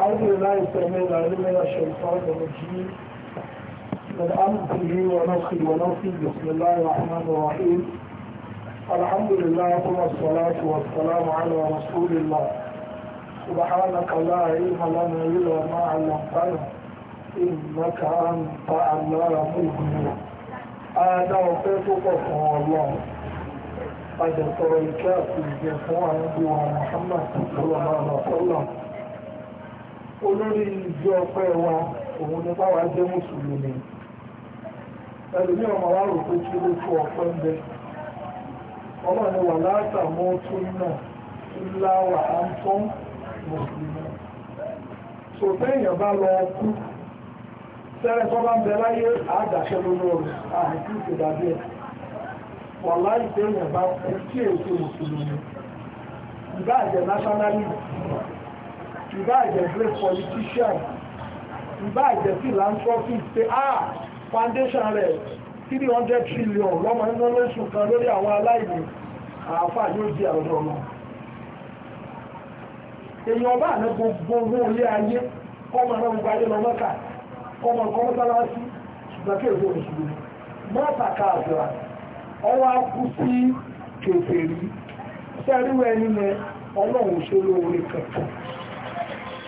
أعوذ بالله السميع العليم من الشيطان الرجيم من أمره ونفخي ونفخي بسم الله الرحمن الرحيم الحمد لله ثم الصلاة والسلام على رسول الله سبحانك لا علم لنا إلا ما علمتنا إنك أنت علام الغيوب هذا وقيت فهو الله قد تريكات الجفوان عندي محمد صلى الله عليه وسلم olórí ìjọ ọpẹ́ wa òun ni báwa jẹ́ mùsùlùmí ẹlòmí ọmọ wa rò pé kí ló tó ń bẹ ni wà látàmú tún náà ńlá wà á ń tán mùsùlùmí sòtẹ́ èèyàn bá lọ kú sẹ́rẹ̀ tó bá ń bẹ láyé àádàṣẹ lólórí ìṣèdájú ẹ̀ wà bá kú kí èso mùsùlùmí ìbá ìjẹ̀fẹ́ politician ìbá ìjẹ̀ philanthropist pé ah foundation rẹ̀ 300 trillion lọ́mọ iná lóṣù kan lórí àwọn aláìní àáfà yóò di àwọn ọmọ èèyàn bá ní gbogbo owó ilé ayé kọ́mọ náà gbogbo ayé lọ mọ́ta kọ́mọ kọ́mọ sáláṣí ṣùgbọ́n kí èso òṣùlù mọ́ta káàdùrà ọwọ́ akú sí kèfèrí sẹ́ríwẹ̀ ẹni mẹ́ ọlọ́run ṣe lóore kankan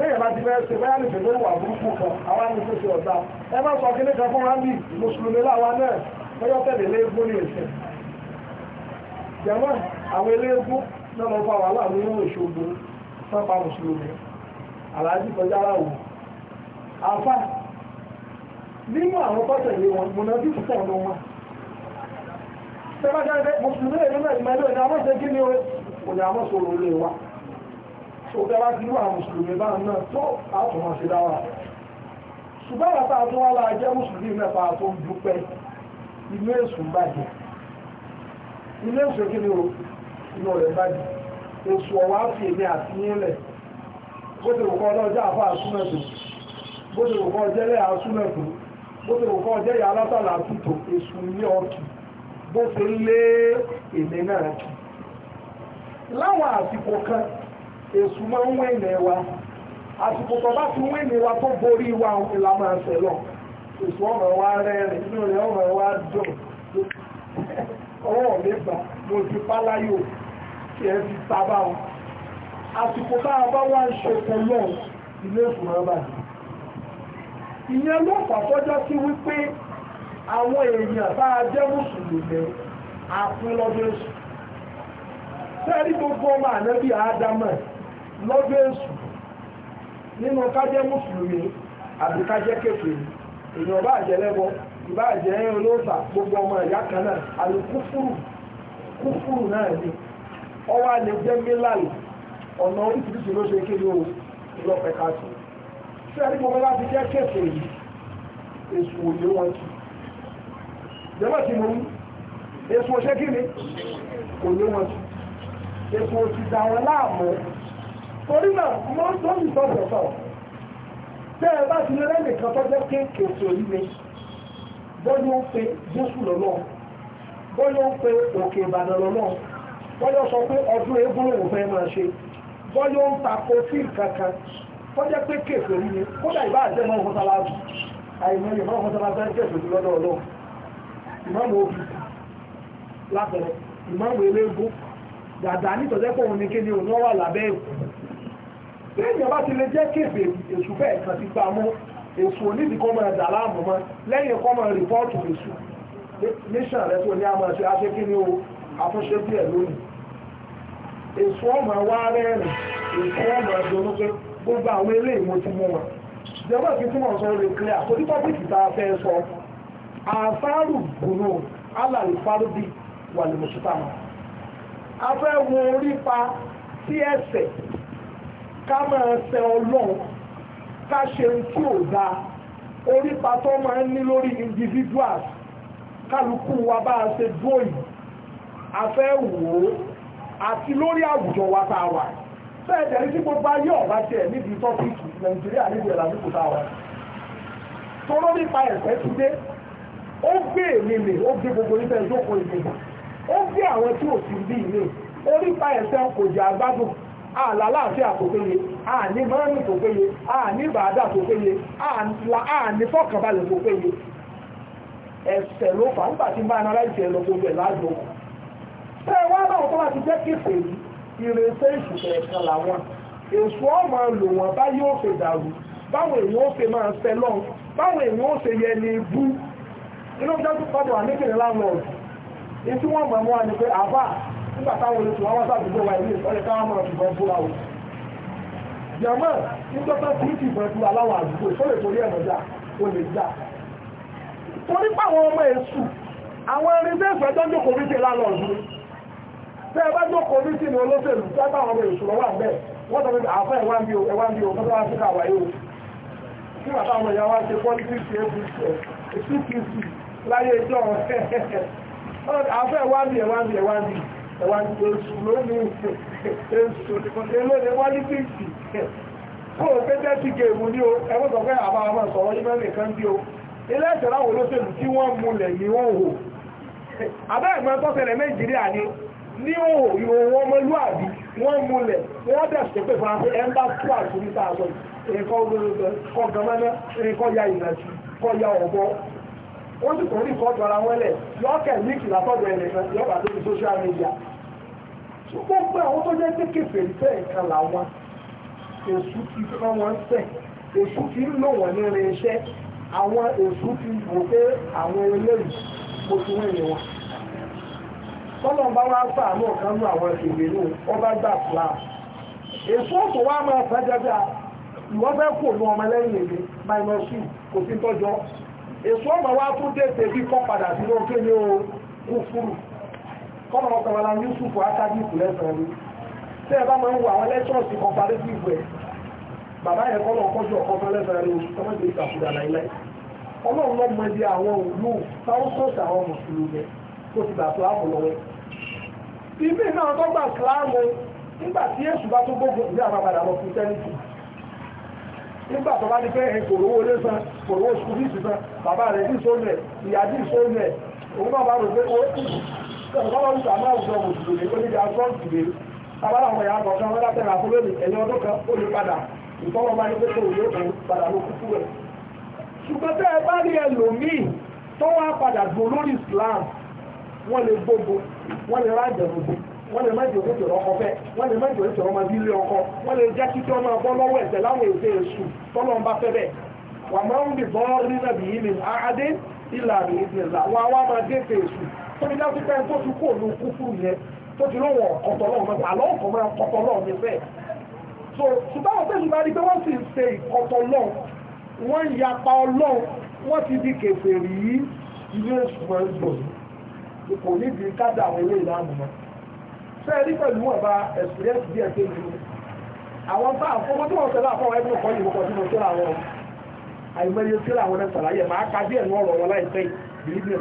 téèyàn bá ti fẹ́ ṣe báyà lè fẹ́ wà burúkú kan àwa ní ṣe ṣe ọ̀tá ẹ má sọ kí nìkan fún rambi mùsùlùmí láwa náà lọ́jọ́ tẹ̀lé léegun ní ìsìn jẹ́mọ́ àwọn eléegun náà lọ fa wàhálà nínú ìṣògbó sápá mùsùlùmí aláàjì kọjá aláwò àfa nínú àwọn pọ́tẹ̀lé wọn mùnàbí púpọ̀ ní wọn tẹ́bá jáde mùsùlùmí èyí náà ìmọ̀lẹ́ òní àmọ́ṣe kí ni ó òní àmọ́ṣe òrùlé wa so bẹ́ẹ̀ bá ti rú àwọn mùsùlùmí bá náà tó àtùmọ̀ sí dáwà ṣùgbọ́n àtà tó wá láà jẹ́ mùsùlùmí mẹ́fà tó ń dúpẹ́ ilé èsùn bàjẹ́ ilé èsùn kí ni o inú rẹ̀ bàjẹ́ èsù ọ̀wá fi èmi àti yín lẹ̀ bó ti rùkọ́ ọlọ́jà àfọ́ àsúnmẹ̀tò bó ti rùkọ́ ọjẹ́lẹ̀ àsúnmẹ̀tò bó ti rùkọ́ ọjẹ́yà alátàlà àtúntò èsù ilé ọkì bó ti lé èmi náà kì láwọn àsìkò kan èṣù máa ń wẹ̀nẹ̀ wa àsìkò tó bá ti wẹ̀nẹ̀ wa tó borí wa ìlà máa ṣẹ̀ lọ èṣù ọ̀rọ̀ wa rẹ́rìn inú rẹ̀ ọ̀rọ̀ wa dùn ọwọ́ mi gbà mo ti páláyò kí ẹ fi tábà o àsìkò tá a bá wá ń ṣe pẹ̀lú ilé èṣù máa bàjẹ́ ìyẹn ló fàtọ́jọ́ sí wípé àwọn èèyàn bá a jẹ́ mùsùlùmí àpilọ́dún sẹ́ẹ̀rí gbogbo ọmọ ànábì àádámọ̀ lọ́dọ̀ èṣù nínú kájẹ́ mùsùlùmí àbí kájẹ́ kékeré èèyàn bá jẹ́ lẹ́bọ ìbá jẹ́ olóòṣà gbogbo ọmọ ìyá kan náà àlù kúfúrù kúfúrù náà ni ọwọ́ àlè jẹ́ mílàlì ọ̀nà oríṣiríṣi ló ṣe kéde o ìlọ́pẹ̀ ká sí sí ẹni gbogbo láti jẹ́ kékeré yìí èṣù òye wọn kì jẹ́mọ̀ tí mo rí èṣù òṣèkí ni òye wọn kì èṣù òṣìṣà wọn láàmú torí náà mọ́ tó ń sọ sọ̀tọ̀ tẹ́ ẹ bá ti lẹ́rẹ́ nìkan tọ́jọ́ kéèké sí orí mi bọ́yọ́ ń pe jésù lọ́lọ́ bọ́yọ́ ń pe òkè ìbàdàn lọ́lọ́ bọ́yọ́ sọ pé ọdún eégún lòun fẹ́ máa ṣe bọ́yọ́ ń ta ko sí kankan tọ́jọ́ pé kéèké orí mi kódà ìbá àjẹ́ mọ́ ọkọ̀ sáláàbù àìmọ́ ìmọ̀ ọkọ̀ sáláàbù kéèké orí lọ́dọ̀ ọlọ́ ìmọ̀mù òbí látọ̀rọ̀ ìmọ̀mù eléégún dàdà nítọ̀jẹ́pọ̀ òun ni kí ni òun wà téèyàn bá ti lè jẹ́ kéfè èṣù bẹ́ẹ̀ kan ti gbà mú èṣù onídìí kọ́ máa dà láàmú mọ́ lẹ́yìn kọ́ máa rìpọ́ọ̀tù èṣù níṣàn rẹ̀ tó ní àmọ́ ṣe aṣẹ́kí ní o àtúnṣe díẹ̀ lónìí èṣù ọmọ wa rẹ́rìn èṣù ọmọ ìdùnnú pé gbogbo àwọn ilé ìmọ̀ ti mú wọn jẹ́wọ́ kí tí wọ́n sọ lè kílẹ̀ àkójú tọ́pìkì tá a fẹ́ sọ àfáàrù gùnú alàlùfárúbì wà lè mọ̀ṣútà mọ́ a fẹ́ wo orí pa sí ẹsẹ̀ ká máa ṣe ọlọ́run ká ṣe ohun tí ò dáa orípa tó máa ń ní lórí individuals kálukú wa bá a ṣe bóyì afẹ́ wò ó àti lórí àwùjọ wa tá a wà bẹ́ẹ̀ tẹ̀lé tí gbogbo ayé ọ̀bá tiẹ̀ níbi tọ́pìkì nàìjíríà níbi ẹ̀là nípò tá a wà tọ́rọ nípa ẹ̀fẹ́ ti dé ó gbé èmi lè ó gbé gbogbo nípa ẹjọ́ kò ìgbè ó gbé àwọn tí ò sí bí ilé orípa ẹ̀fẹ́ kò jẹ́ àgbádùn àlàláàfíà tó péye àní mọ́rin tó péye àní bàádà tó péye àní fọ́kànbalẹ̀ tó péye ẹ̀sẹ̀ ló fà ń pàtí máa nára ìṣẹ̀ lọ gbogbo ẹ̀ láàjọ bẹ́ẹ̀ wá náà tó bá ti jẹ́ kéfè yìí ìrẹsẹ̀ ìṣùfẹ̀ ẹ̀kan làwọn èso ọmọ lò wọn bá yóò fẹ́ dàrú báwọn èèyàn ó fẹ́ máa fẹ́ lọ́n báwọn èèyàn ó fẹ́ yẹ ní ibú inú bí wọ́n ti padà wà nípìnlẹ̀ láwọn ọ̀dùn ètí wọ́n mọ̀ mọ́ wa ni pé àbá nígbà táwọn olùtù wọn wá sàdúgbò wa ilé ìfọ́lẹ̀ káwọn mọ̀ ṣùgbọ́n fúra o jẹ̀mọ́ nígbàtà tí kì í fẹ́ fúra láwọn àdúgbò ìfọ́lẹ̀ torí ẹ̀nà jà ó lè jà torí páwọn ọmọ èṣù àwọn irinṣẹ́ ìfẹ́jọ́ jókòó ní ti lálọ́ọ̀dún tẹ́ ẹ bá jókòó ní ti ní olóṣèlú tẹ́ bá àwọn ọmọ èṣù lọ́wọ́ àbẹ́ wọ́n sọ o ẹ̀wọ́n bí o tọ́tọ́ wá sí kàwá yóò kí bàbá ọmọ ìyá wa láyé ìjọ ọ̀fẹ́ àfẹ́ ẹ̀wọ́n bí ẹ̀wọ́n bí ẹ̀wọ́n ẹwà ní oṣù lónìí oṣù lónìí wá ní bíìsì kó o pé tẹ́sí gèèmù ní o ẹgbẹ́ sọ pé àbá àmà sọ̀rọ̀ yí mẹ́rin kan bí o ilé ẹ̀sẹ̀ láwọn olóṣèlú tí wọ́n múlẹ̀ ní òhò abẹ́ ẹ̀gbọ́n tọ́sẹ̀lẹ̀ Nàìjíríà ni ní òhò ìhòòhò ọmọlúàbí wọ́n múlẹ̀ wọ́n dẹ̀ sọ pé faransé ẹ̀ńbà tó àṣírí tá a sọ ìrìnkọ́ kọ́ gamẹ́nẹ́ ìrìnkọ́ ya ìrìnàjì kọ́ ya ọ̀bọ wọ́n sì kò rí kọ́ọ̀tù ara wọn lẹ̀ lọ́kẹ̀ ní kìlá fọ́dọ̀ ẹ̀rẹ̀ kan yọ́pàá lórí social media ṣùgbọ́n gbogbo àwọn tó jẹ́ pé kẹfẹ́ tẹ̀ kan làwọn èṣù ti fọ́n wọn tẹ̀ èṣù ti ń lò wọ́n nínú iṣẹ́ àwọn èṣù ti wò pé àwọn eléyìí mo ti wọ́n yẹn wọn. tọ́lọ̀ bá wá sàánú ọ̀kan nú àwọn ìwé nù ọba gbà fúlà èṣù ọ̀tọ̀ wa máa fẹ́ jẹ́jà ìwọ́n fẹ́ kò ní ọmọ lẹ́yìn èdè minus two kò sí tọ́jọ́ èṣù ọmọ wa tún dé tèbí kọ́ padà sínú kéde o kú fúrù. kọ́nà ọkọ̀ wọn la Yusuf akájú ìpìlẹ̀ sọ̀rọ̀ ni tẹ́ ẹ bá máa ń wo àwọn lẹ́tọ̀ọ̀sì comparative ẹ̀ bàbá yẹn kọ́nà ọkọ̀jú ọkọ̀ fún ẹlẹ́sọ̀rọ̀ ni ọmọ ìgbésí àkúdà láíláí ọlọ́run lọ́ mọ ibi àwọn òlù táwọ́sọ̀ọ̀sì àwọn mùsùlùmí tó ti gbà síláàmù lọ́wọ́ ibi náà tó gbà síláàmù nígbà tí èṣù bá tó gbógun ìdí àwọn lọ fún tẹ́lifù nígbà tó bá di pé ẹ̀yìn kòrò owó lẹ́sàn kòrò owó sùkúrú bàbá rẹ̀ ní ìyá òun pé ó kù Ọ̀pọ̀lọpọ̀ ìṣàmọ́ àwùjọ òṣìṣẹ́ oníjà fọ́ọ̀tì rẹ̀. Tábàlà àwọn ìyá àgbọ̀kan wọ́n látẹ̀rẹ̀ àfúrò ní ẹ̀yìn ọdún kan ó lè padà. Ìtọ́wọ́ bá ní pé kò yóò kò padà ló kúkú rẹ̀. Ṣùgbọ́n tẹ́ ẹ bá rí ẹlòmíì tó wá padà gbò lórí Islam, wọ́n lè gbogbo, wọ́n lè rájẹ̀ gbogbo wọ́n lè má jẹ́ òkè tòrọ ọkọ fẹ́ wọ́n lè má jẹ́ òkè tòrọ ọmọ ilé ọkọ wọ́n lè jẹ́ títí ọmọ ọgbọ́n lọ́wọ́ ẹ̀sẹ̀ láwọn èdè èṣù tọ́lọ́n bá fẹ́ bẹ́ẹ̀ wà máa ń bì bọ́ọ̀rì nàbì yìí ní àádé ìlànà ìdìlà wà wá máa dé èṣù tóbi láti pẹ́ tó ti kó òun kú fún yẹn tó ti lóun ọ̀kọ̀tọ̀ lọ́wọ́ mẹ́ta àlọ́ ọ̀kọ̀ mẹ́ta kọ̀tọ̀ lọ́wọ́ ní so ṣùgbọ́n àwọn tẹ̀sùn bá rí pé wọ́n sì ń ṣe ìkọ̀tọ̀ lọ́wọ́ wọ́n ń yapa ọlọ́wọ́ wọ́n ti di kèfè rí ilé ṣùgbọ́n gbòòrò kò ní di kádà àwọn ilé ìlànà mọ́ sẹ́ẹ̀rí pẹ̀lú ọ̀bá experience díẹ̀ tó ju àwọn bá àfọwọ́ tí wọ́n tẹ̀lé àfọwọ́ ẹgbẹ́ ọkọ̀ yìí wọ́pọ̀ sínú tíra wọn àìmọye tíra wọn ẹ̀ sàlàyé máa ka díẹ̀ ní ọ̀rọ̀ wọn láìpẹ́ ìbílí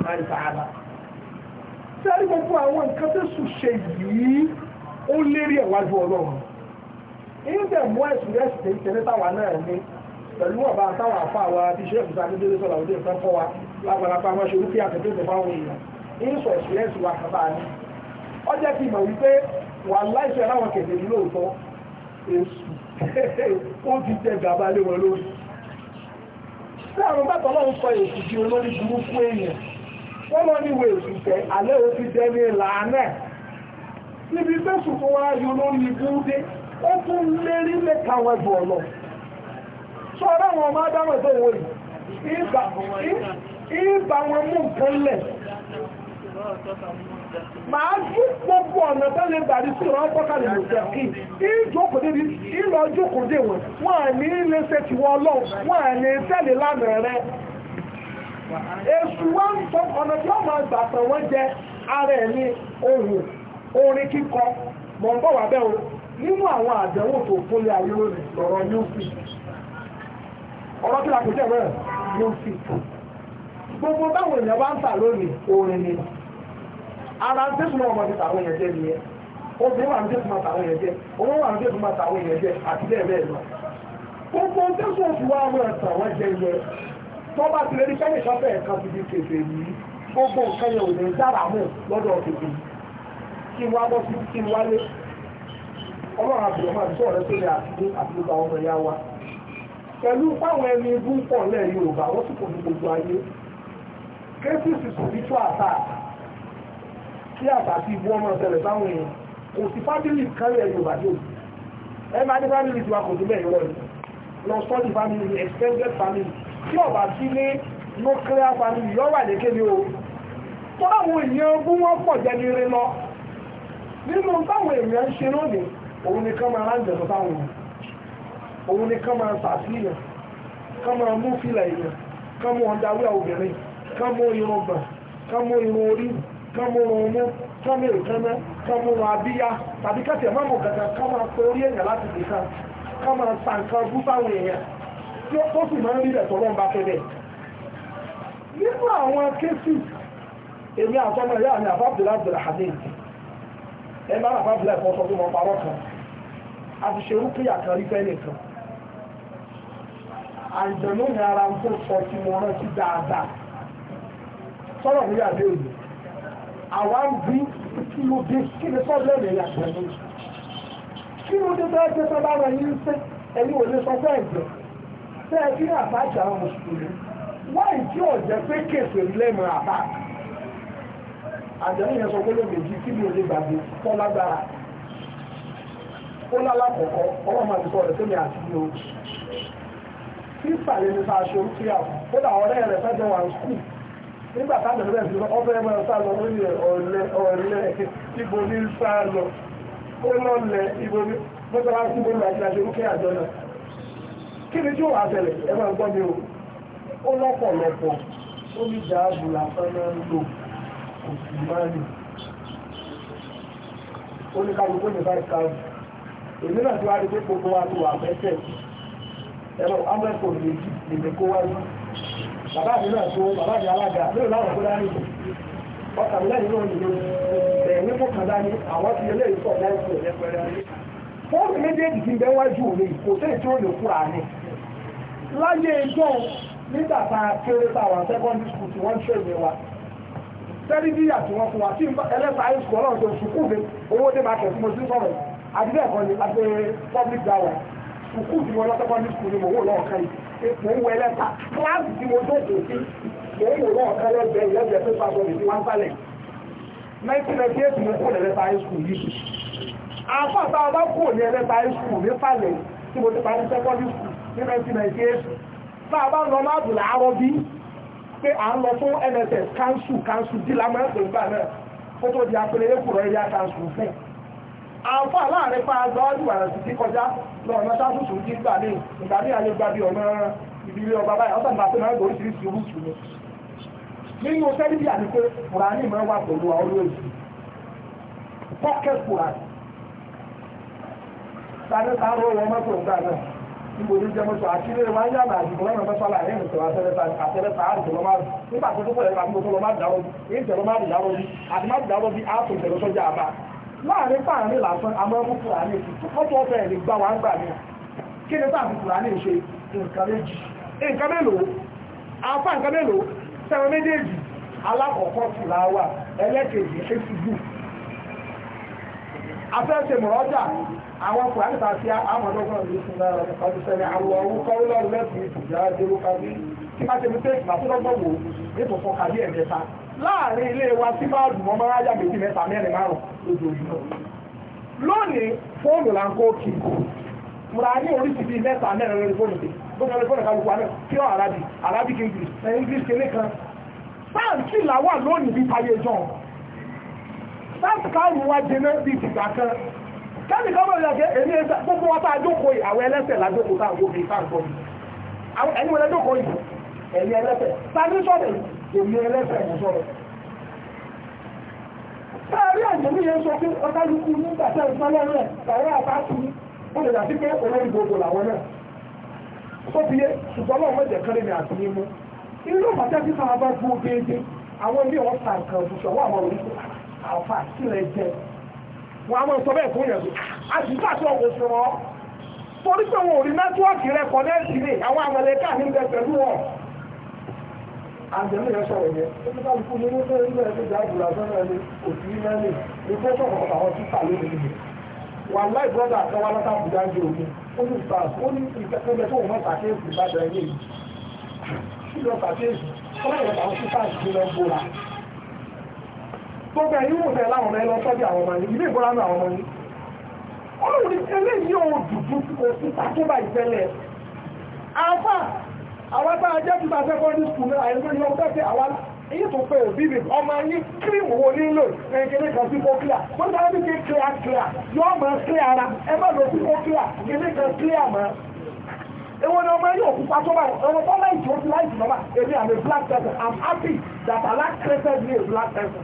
sẹ́rí gbogbo àwọn nǹkan tó sùn ṣe yìí ó lérí ẹ̀wájú ọlọ́run ìdẹ̀ mú ẹ̀sùn ẹ̀sùn tó ń tẹ̀lé táwa náà ní pẹ̀lú ọ̀bá táwa àfa àwa àti iṣẹ́ ìfúnta ní délé sọ̀rọ̀ òde ìfẹ́ fọ́ wa lágbàlápá wọn ṣe orúkí àtẹ̀tẹ̀ tó fáwọn èèyàn ìsọ̀ ẹ̀sùn ẹ̀sùn wa kàtà ní. ó jẹ́ kí mọ̀ wípé wà láìsọ ẹ̀ráwọn kẹ̀kẹ́ ní lóòótọ́ èsù ó ti tẹ gàba lé wọn lórí. sí àwọn bàtọ́ lọ́run sọ èsù di olórí burúkú èèyàn wọ́n lọ ní ìwé ala alẹ́ o ti jẹ́ ní ìlànà níbi tẹ́sù tó wá yọ lórí ibúdé ó tún lérí mẹ́ta wọn ọ̀lọ́ sọ ọ̀rọ̀ ọmọ adámọ̀ tó wọ yìí ìbá wọn mú nǹkan lẹ̀ màá jú gbogbo ọ̀nà tẹ́lẹ̀ gbàdí sí ìjókòó débi dé wọn à ní ilé èṣù wá ń sọ ọ̀nà tí máa wọ́n jẹ ara ẹ̀ ohun orin kíkọ mọ̀ ń bọ̀ wá bẹ́ẹ̀ o nínú àwọn àdánwò tó kúnlé ayé lónìí lọ́rọ̀ music ọ̀rọ̀ tí gbogbo báwọn èèyàn bá ń tà lónìí orin ni ara ń tẹ́sùmọ̀ ọmọdé tàwọn èèyàn jẹ́ nìyẹn obìnrin wà jẹ́ owó wà jẹ́ àti bẹ́ẹ̀ gbogbo jẹ́ tó bá ti lè rí fẹ́ẹ̀ nìkan fẹ́ẹ̀ kan ti di kèfè yìí gbogbo nǹkan yẹn ò ní dára mọ̀ lọ́dọ̀ kèfè kí wá bọ́ sí kí wálé ọlọ́run àbùrọ̀mọ́ àti sọ̀rọ̀ tó lè àtúndé àtúndà ọmọ ìyá wa pẹ̀lú fáwọn ẹni ibú ń pọ̀ lẹ́ Yorùbá wọ́n sì kò ní gbogbo ayé kéfìsì kò ní tó àtà kí àtà ti ibú ọmọ ìṣẹ̀lẹ̀ sáwọn èèyàn kò sí fábílì kan lẹ́ Yorùbá yóò ẹ máa ní fábílì tiwa kò ní bẹ́ẹ̀ yọrọ lọ sọ́ọ́dì fábílì extended family tí ọ̀bá sí ní nuclear family yọ́ wà lékè ní o tó àwọn èèyàn ogún wọn pọ̀ jẹni rí lọ nínú táwọn èèyàn ń ṣe lónìí òun ni kán máa ránjẹ̀ tó táwọn òun ni kán máa sàfihàn kán máa mú fìlà èèyàn kán mú ọ̀dáwíà obìnrin kán mú irun gbà kán mú irun orí kán mú irun mú kán mú ìkánná kán mú irun abíyá tàbí kẹ́sì ẹ̀ má mú gàgà kán máa pe orí èèyàn láti dìkan kán máa sàǹkan fún táwọn èèyàn tó sì máa ń rí ẹ̀tọ́ lọ́nba fẹ́lẹ̀ nínú àwọn kéésì èmi àtọ́mọ ìyá mi àbábìlá bẹ̀rẹ̀ àdéhùn ẹ máa àbábìlá ẹ̀kọ́ sọ pé mo parọ́ kan àti ṣerú péyà kan rí fẹ́lẹ̀ kan àìjọ̀nú ní ara ń tó sọ tí mo rántí dáadáa sọ́rọ̀ ní àdé òní àwa ń bí kí ló dé kí ni sọ́dọ̀ ẹ̀rẹ̀ yàtọ̀ ẹ̀mí kí ló dé bẹ́ẹ̀ gbé sábà rẹ̀ yín sẹ́ ẹ̀yìn òní sọ fẹ́ ẹ̀jẹ̀ tẹ́ ẹ àbájá àwọn mùsùlùmí wáì tí jẹ́ pé kèfè lẹ́nu àbá àjọ yẹn sọ pé méjì kí ni olè gbàgbé kọ́ lágbára ó lálàkọ̀ọ́kọ́ ọlọ́mọ àti sọ̀rọ̀ tó ní àti ní o tí ìsàlẹ̀ nípa aṣọ ó dà ọ̀rẹ́ rẹ̀ fẹ́ wà ní skul nígbà táwọn ọ̀rẹ́ lọ ọ̀lẹ́ ọ̀lẹ́ kí ni tí ó wà ṣẹlẹ̀ ẹ máa gbọ́ mi o ó lọ́pọ̀lọpọ̀ ó ní dáàbò lásán máa ń lò kò sì máa lò ó ní kálukú ní five thousand èmi náà ti wá rí pé gbogbo wa ti wà fẹ́sẹ̀ ẹ̀rọ amẹ́kò méjì lèmi kó wáyé bàbá mi náà tó bàbá mi alága lóòrùn láwọn kó dání ọkàn lẹ́yìn náà nìyẹn bẹ̀rẹ̀ ní kó kàn dání àwọn ti eléyìí pọ̀ láìpẹ́ fóònù méjèèjì ti bẹ́ wájú òní kò sí ètò òní fúra ní láyé ẹjọ́ nígbà tá a kéré táwọn secondary school tí wọ́n ń ṣe ìwé wa tẹ́rí bíyà tí wọ́n fún wa tí ẹlẹ́sà high school ọlọ́run tó sùkúù mi owó dé máa kẹ̀ fún mo sí sọ̀rọ̀ àdílẹ̀ kan ní àti public dawa sùkúù tí wọ́n lọ secondary school ni mo wò lọ́ọ̀ká yìí mo ń wọ ẹlẹ́sà kíláàsì tí mo jókòó sí mo ń wò lọ́ọ̀ká lẹ́gbẹ̀ẹ́ ìlẹ́gbẹ̀ẹ́ pépà bọ́ọ̀lù tí wọ́n ń sálẹ̀ 1998 mo kúrò ẹlẹ́sà high school yìí àfọ́ àtàwọn bá kúrò ní ẹlẹ́sà high school ní fàlẹ̀ tí mo ti parí secondary school ní 1998 bá a bá lọ máàbù láàárọ̀ bí pé à ń lọ fún NSS kanṣu kanṣu dílà máa ń pè nígbà náà kó tó di apẹlẹ ẹkùrọ ẹyà kanṣu fún àǹfà láàrin pa agbáwájú wà sí ti kọjá lọ́rọ̀ náà sáfùsù ní ìgbà ní ìgbà ní àyè gba bí ọ̀nà ìbílẹ̀ ọba báyìí ọ̀sán ìgbà tó máa ń gbọ́ oríṣiríṣi orúkú ni nínú tẹ́lifí àti pé kùránì máa wà pẹ̀lú ọ̀rọ̀ èyí pocket kùránì tàbí sáré wọn mọ́tò ń gbà náà níbo ní jẹ́ mọ́ṣọ́ àti ilé máa ń yànà àdìgbò lọ́nà mọ́ṣọ́lá ẹ̀yìn ìṣòro àtẹ́lẹ́ta àrùn lọ́mọ́ nígbà tó tó pẹ̀lẹ́ àti gbogbo lọ́mọ́ àdìyàwó èyí tẹ̀lọ́ máa dìyàwó bí àti máa dìyàwó bí ààtò tẹ̀lọ́ sọ́jà àbá láàrin fáàrin lásán amọ́mú fúlàní ọ̀tọ̀ ọ̀fẹ́ ẹ̀ lè gbá wa ń gbà mí kí ni táàfin fúlàní ṣe nǹkan méjì nǹkan mélòó afá nǹkan mélòó sẹ́wọ̀n méjèèjì alákọ̀ọ́kọ́ fúlàwà ẹlẹ́kẹ̀ẹ́jì àwọn ọkùnrin àti àmọ́dọ́gbọ̀n ló fún lára ọdún sẹ́lẹ̀ àwọn orúkọ ọlọ́run lẹ́sìn ìtìjà dérú kábí tí bá ṣe mú tẹ́ẹ̀kì bá tọ́lọ́gbọ̀n wò nípò fún kábí ẹ̀mẹ́ta láàrin ilé wa tí bá dùn mọ́ máa yá méjì mẹ́ta mẹ́rin márùn-ún lójoojúmọ́ lónìí fóònù là ń kó kì múra ní oríṣi bíi mẹ́ta mẹ́rin lórí fóònù tí gbogbo ẹgbẹ́ fóònù kálukú alẹ́ kí ọ arábì arábì english ẹ̀ english kele kan sáǹtì làwà lónìí bí tayé john sáǹtì káàrùn wa jẹ náà bíi tìgbà kan kẹ́ni kọ́mọ̀ ìrìnàjẹ́ èmi ẹgbẹ́ gbogbo wọn tá a jókòó yìí àwọn ẹlẹ́sẹ̀ lájókòó tá a wò bí fáńkọ́ yìí àwọn ẹni wọlé jókòó yìí ẹ̀mí ẹlẹ́sẹ̀ sáré sọ̀rọ̀ èmi ẹlẹ́sẹ̀ mú sọ̀rọ̀ sáàrí àjẹ́mí yẹn sọ pé ọkàlùkù nígbà tẹ́ ìpínlẹ̀ rẹ̀ tàwọn àbáṣu ó lè dàbí pé olórí gbogbo làwọn náà tó fi yé ṣùgbọ́n lọ́wọ́ mẹ́jẹ̀ kẹrin ní àti mímú inú ọ̀pàá tí sáà bá gbó déédéé àwọn ilé wọn sàn kan ṣùṣọ́ wà mọ́ orí àfà sílẹ̀ jẹ́ wọ́n a máa sọ bẹ́ẹ̀ fún yẹn tó a tó ọkọ̀ sọ ọ́ torí pé wọn ò rí nẹ́tíwọ́ọ̀kì rẹ kọ̀nẹ́ẹ̀tì rẹ àwọn àmàlẹ́kà ní bẹ pẹ̀lú wọn. àjẹmí yẹn sọ̀rọ̀ yẹn ó ń jẹ òkun ní ìgbà ó tó wọ́n sàkéèsì bá bẹ̀rẹ̀ tó bẹ yín wò fẹ́ láwọn ọmọ ẹ lọ sọ́dí àwọn ọmọ yín ilé ìgbóra náà àwọn ọmọ yín ọlọ́run eléyìí ò dùdú òkúta tó bá ìfẹ́lẹ̀ afá àwọn bá ajẹ́ tó bá secondary school náà àìlú ni ọgbẹ́ pé àwọn èyí tó pé òbí rẹ̀ ọmọ ní kírìmù wo nílò ẹgbẹ̀rẹ̀ kan sí fókíà wọ́n dára ní pé clear clear yóò mọ̀ clear ara ẹ má lọ sí fókíà ẹgbẹ̀rẹ̀ kan clear mọ́ ewo ni ọmọ yóò pupa tó bá ọmọ tó láì tó láì tó náà èmi àmì black person I'm happy that Allah created me a black person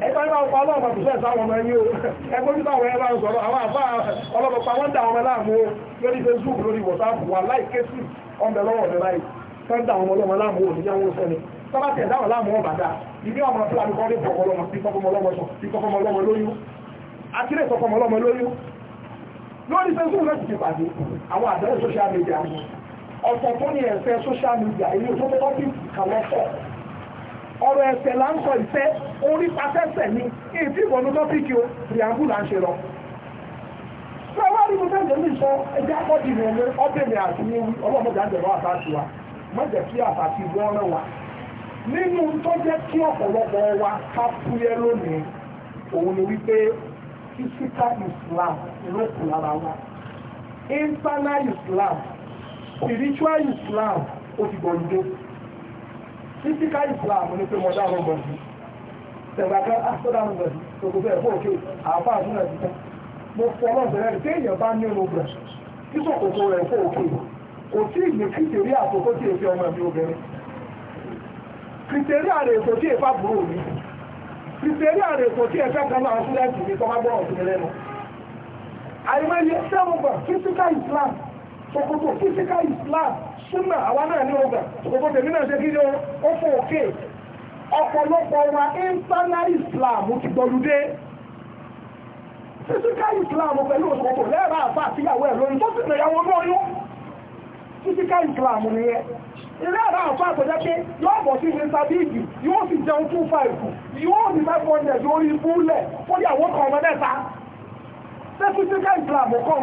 ẹgbẹ́ ní ọkọ̀ ọlọ́ọ̀bà tó sẹ́ẹ̀sá wọn ẹni o ẹgbẹ́ ní báwọn ẹgbẹ́ sọ̀rọ̀ àwọn àbá ọlọ́pàá wọ́n dà wọn láàmú o lórí Facebook lórí WhatsApp wà láì kéṣì ọmọdé lọ́wọ́ ọ̀dẹ́ láì tán dà wọn ọlọ́mọ láàmú o níyàwó sẹ́ni tọ́lá tẹ̀ dáwọn láàmú ọba dá ibi ọmọ fúlàní kọ́ ní ìfọkọlọmọ sí kọ́kọ́mọlọ́mọ lóyún akílẹ̀ ìfọkọmọlọ́mọ lóyún lórí Facebook láti ti pàdé àwọn àdáwọ̀ social media ọ̀pọ̀ tó ní ẹ̀fẹ́ social media ilé tó tó tó fi kàwọ́ fọ́ ọrụ ẹ̀sẹ̀ la ń sọ ori orí ni èyí ìwọ̀nú tọ́pìkì o rìàbù ṣe lọ. sọ Islam Islam spiritual Islam physical Islam ní pé mo dáhùn bọ̀dì tẹ̀gbàkan asọ́dáhùn ah, bọ̀dì tòkòtò ẹ̀fọ́ òkè àbá àdúrà ti tán mo fọ ọlọ́bẹ̀rẹ̀ rẹ̀ pé èèyàn bá ní ọmọ obìnrin tí tòkòtò rẹ̀ fọ́ òkè kò tí ìgbè kìtìrí àkókò tí èfi ọmọ mi obìnrin kìtìrí àrè èkó tí èfà búrò mi kìtìrí àrè èkó tí èfẹ́ kan náà fúlẹ̀tì mi tọ́mọ́ gbọ́rọ̀ sí mi lẹ́nu àìmọye sẹ́wọ̀n gbọ̀ physical Islam tòkòtò physical Islam súnà àwa náà ní ọgbà gbogbo tèmi náà ṣe kí ni ó fò òkè ọ̀pọ̀lọpọ̀ wa internal Islam ti gbọ́lúdé physical Islam pẹ̀lú òṣùpọ̀pọ̀ lẹ́ẹ̀rọ àfà àtìyàwó ẹ̀ lórí tó sì nà ìyàwó náà yó physical Islam nìyẹn ìlẹ́ẹ̀rọ àfà àtọ̀jẹ́ pé yóò bọ̀ sí mr big yóò sì jẹun two five yóò sì five hundred lórí ibú lẹ̀ fún ìyàwó kan ọmọ mẹ́ta ṣé physical Islam kan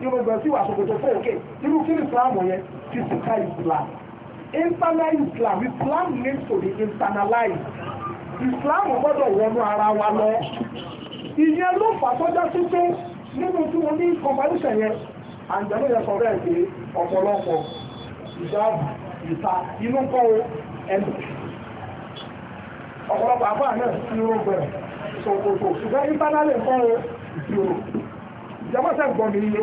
irúgbẹ́ sí wà ṣòkòtò fún òkè irú kí ni Islam yẹn ti sùkà Islam internal Islam Islam needs to be internalized Islam gbọ́dọ̀ wọnú ara wa lọ ìyẹn ló fà sọ́jà sí pé nínú tí wọ́n ní competition yẹn àǹjẹ́lú yẹn sọ bẹ́ẹ̀ pé ọ̀pọ̀lọpọ̀ ìjáàbù ìta inú kọ́ ẹnu ọ̀pọ̀lọpọ̀ àbá náà sí orúgbẹ̀ ṣòkòtò ṣùgbọ́n ìbánálẹ̀ kọ́ ìṣòro ìjọba sẹ́gbọ̀n mi iye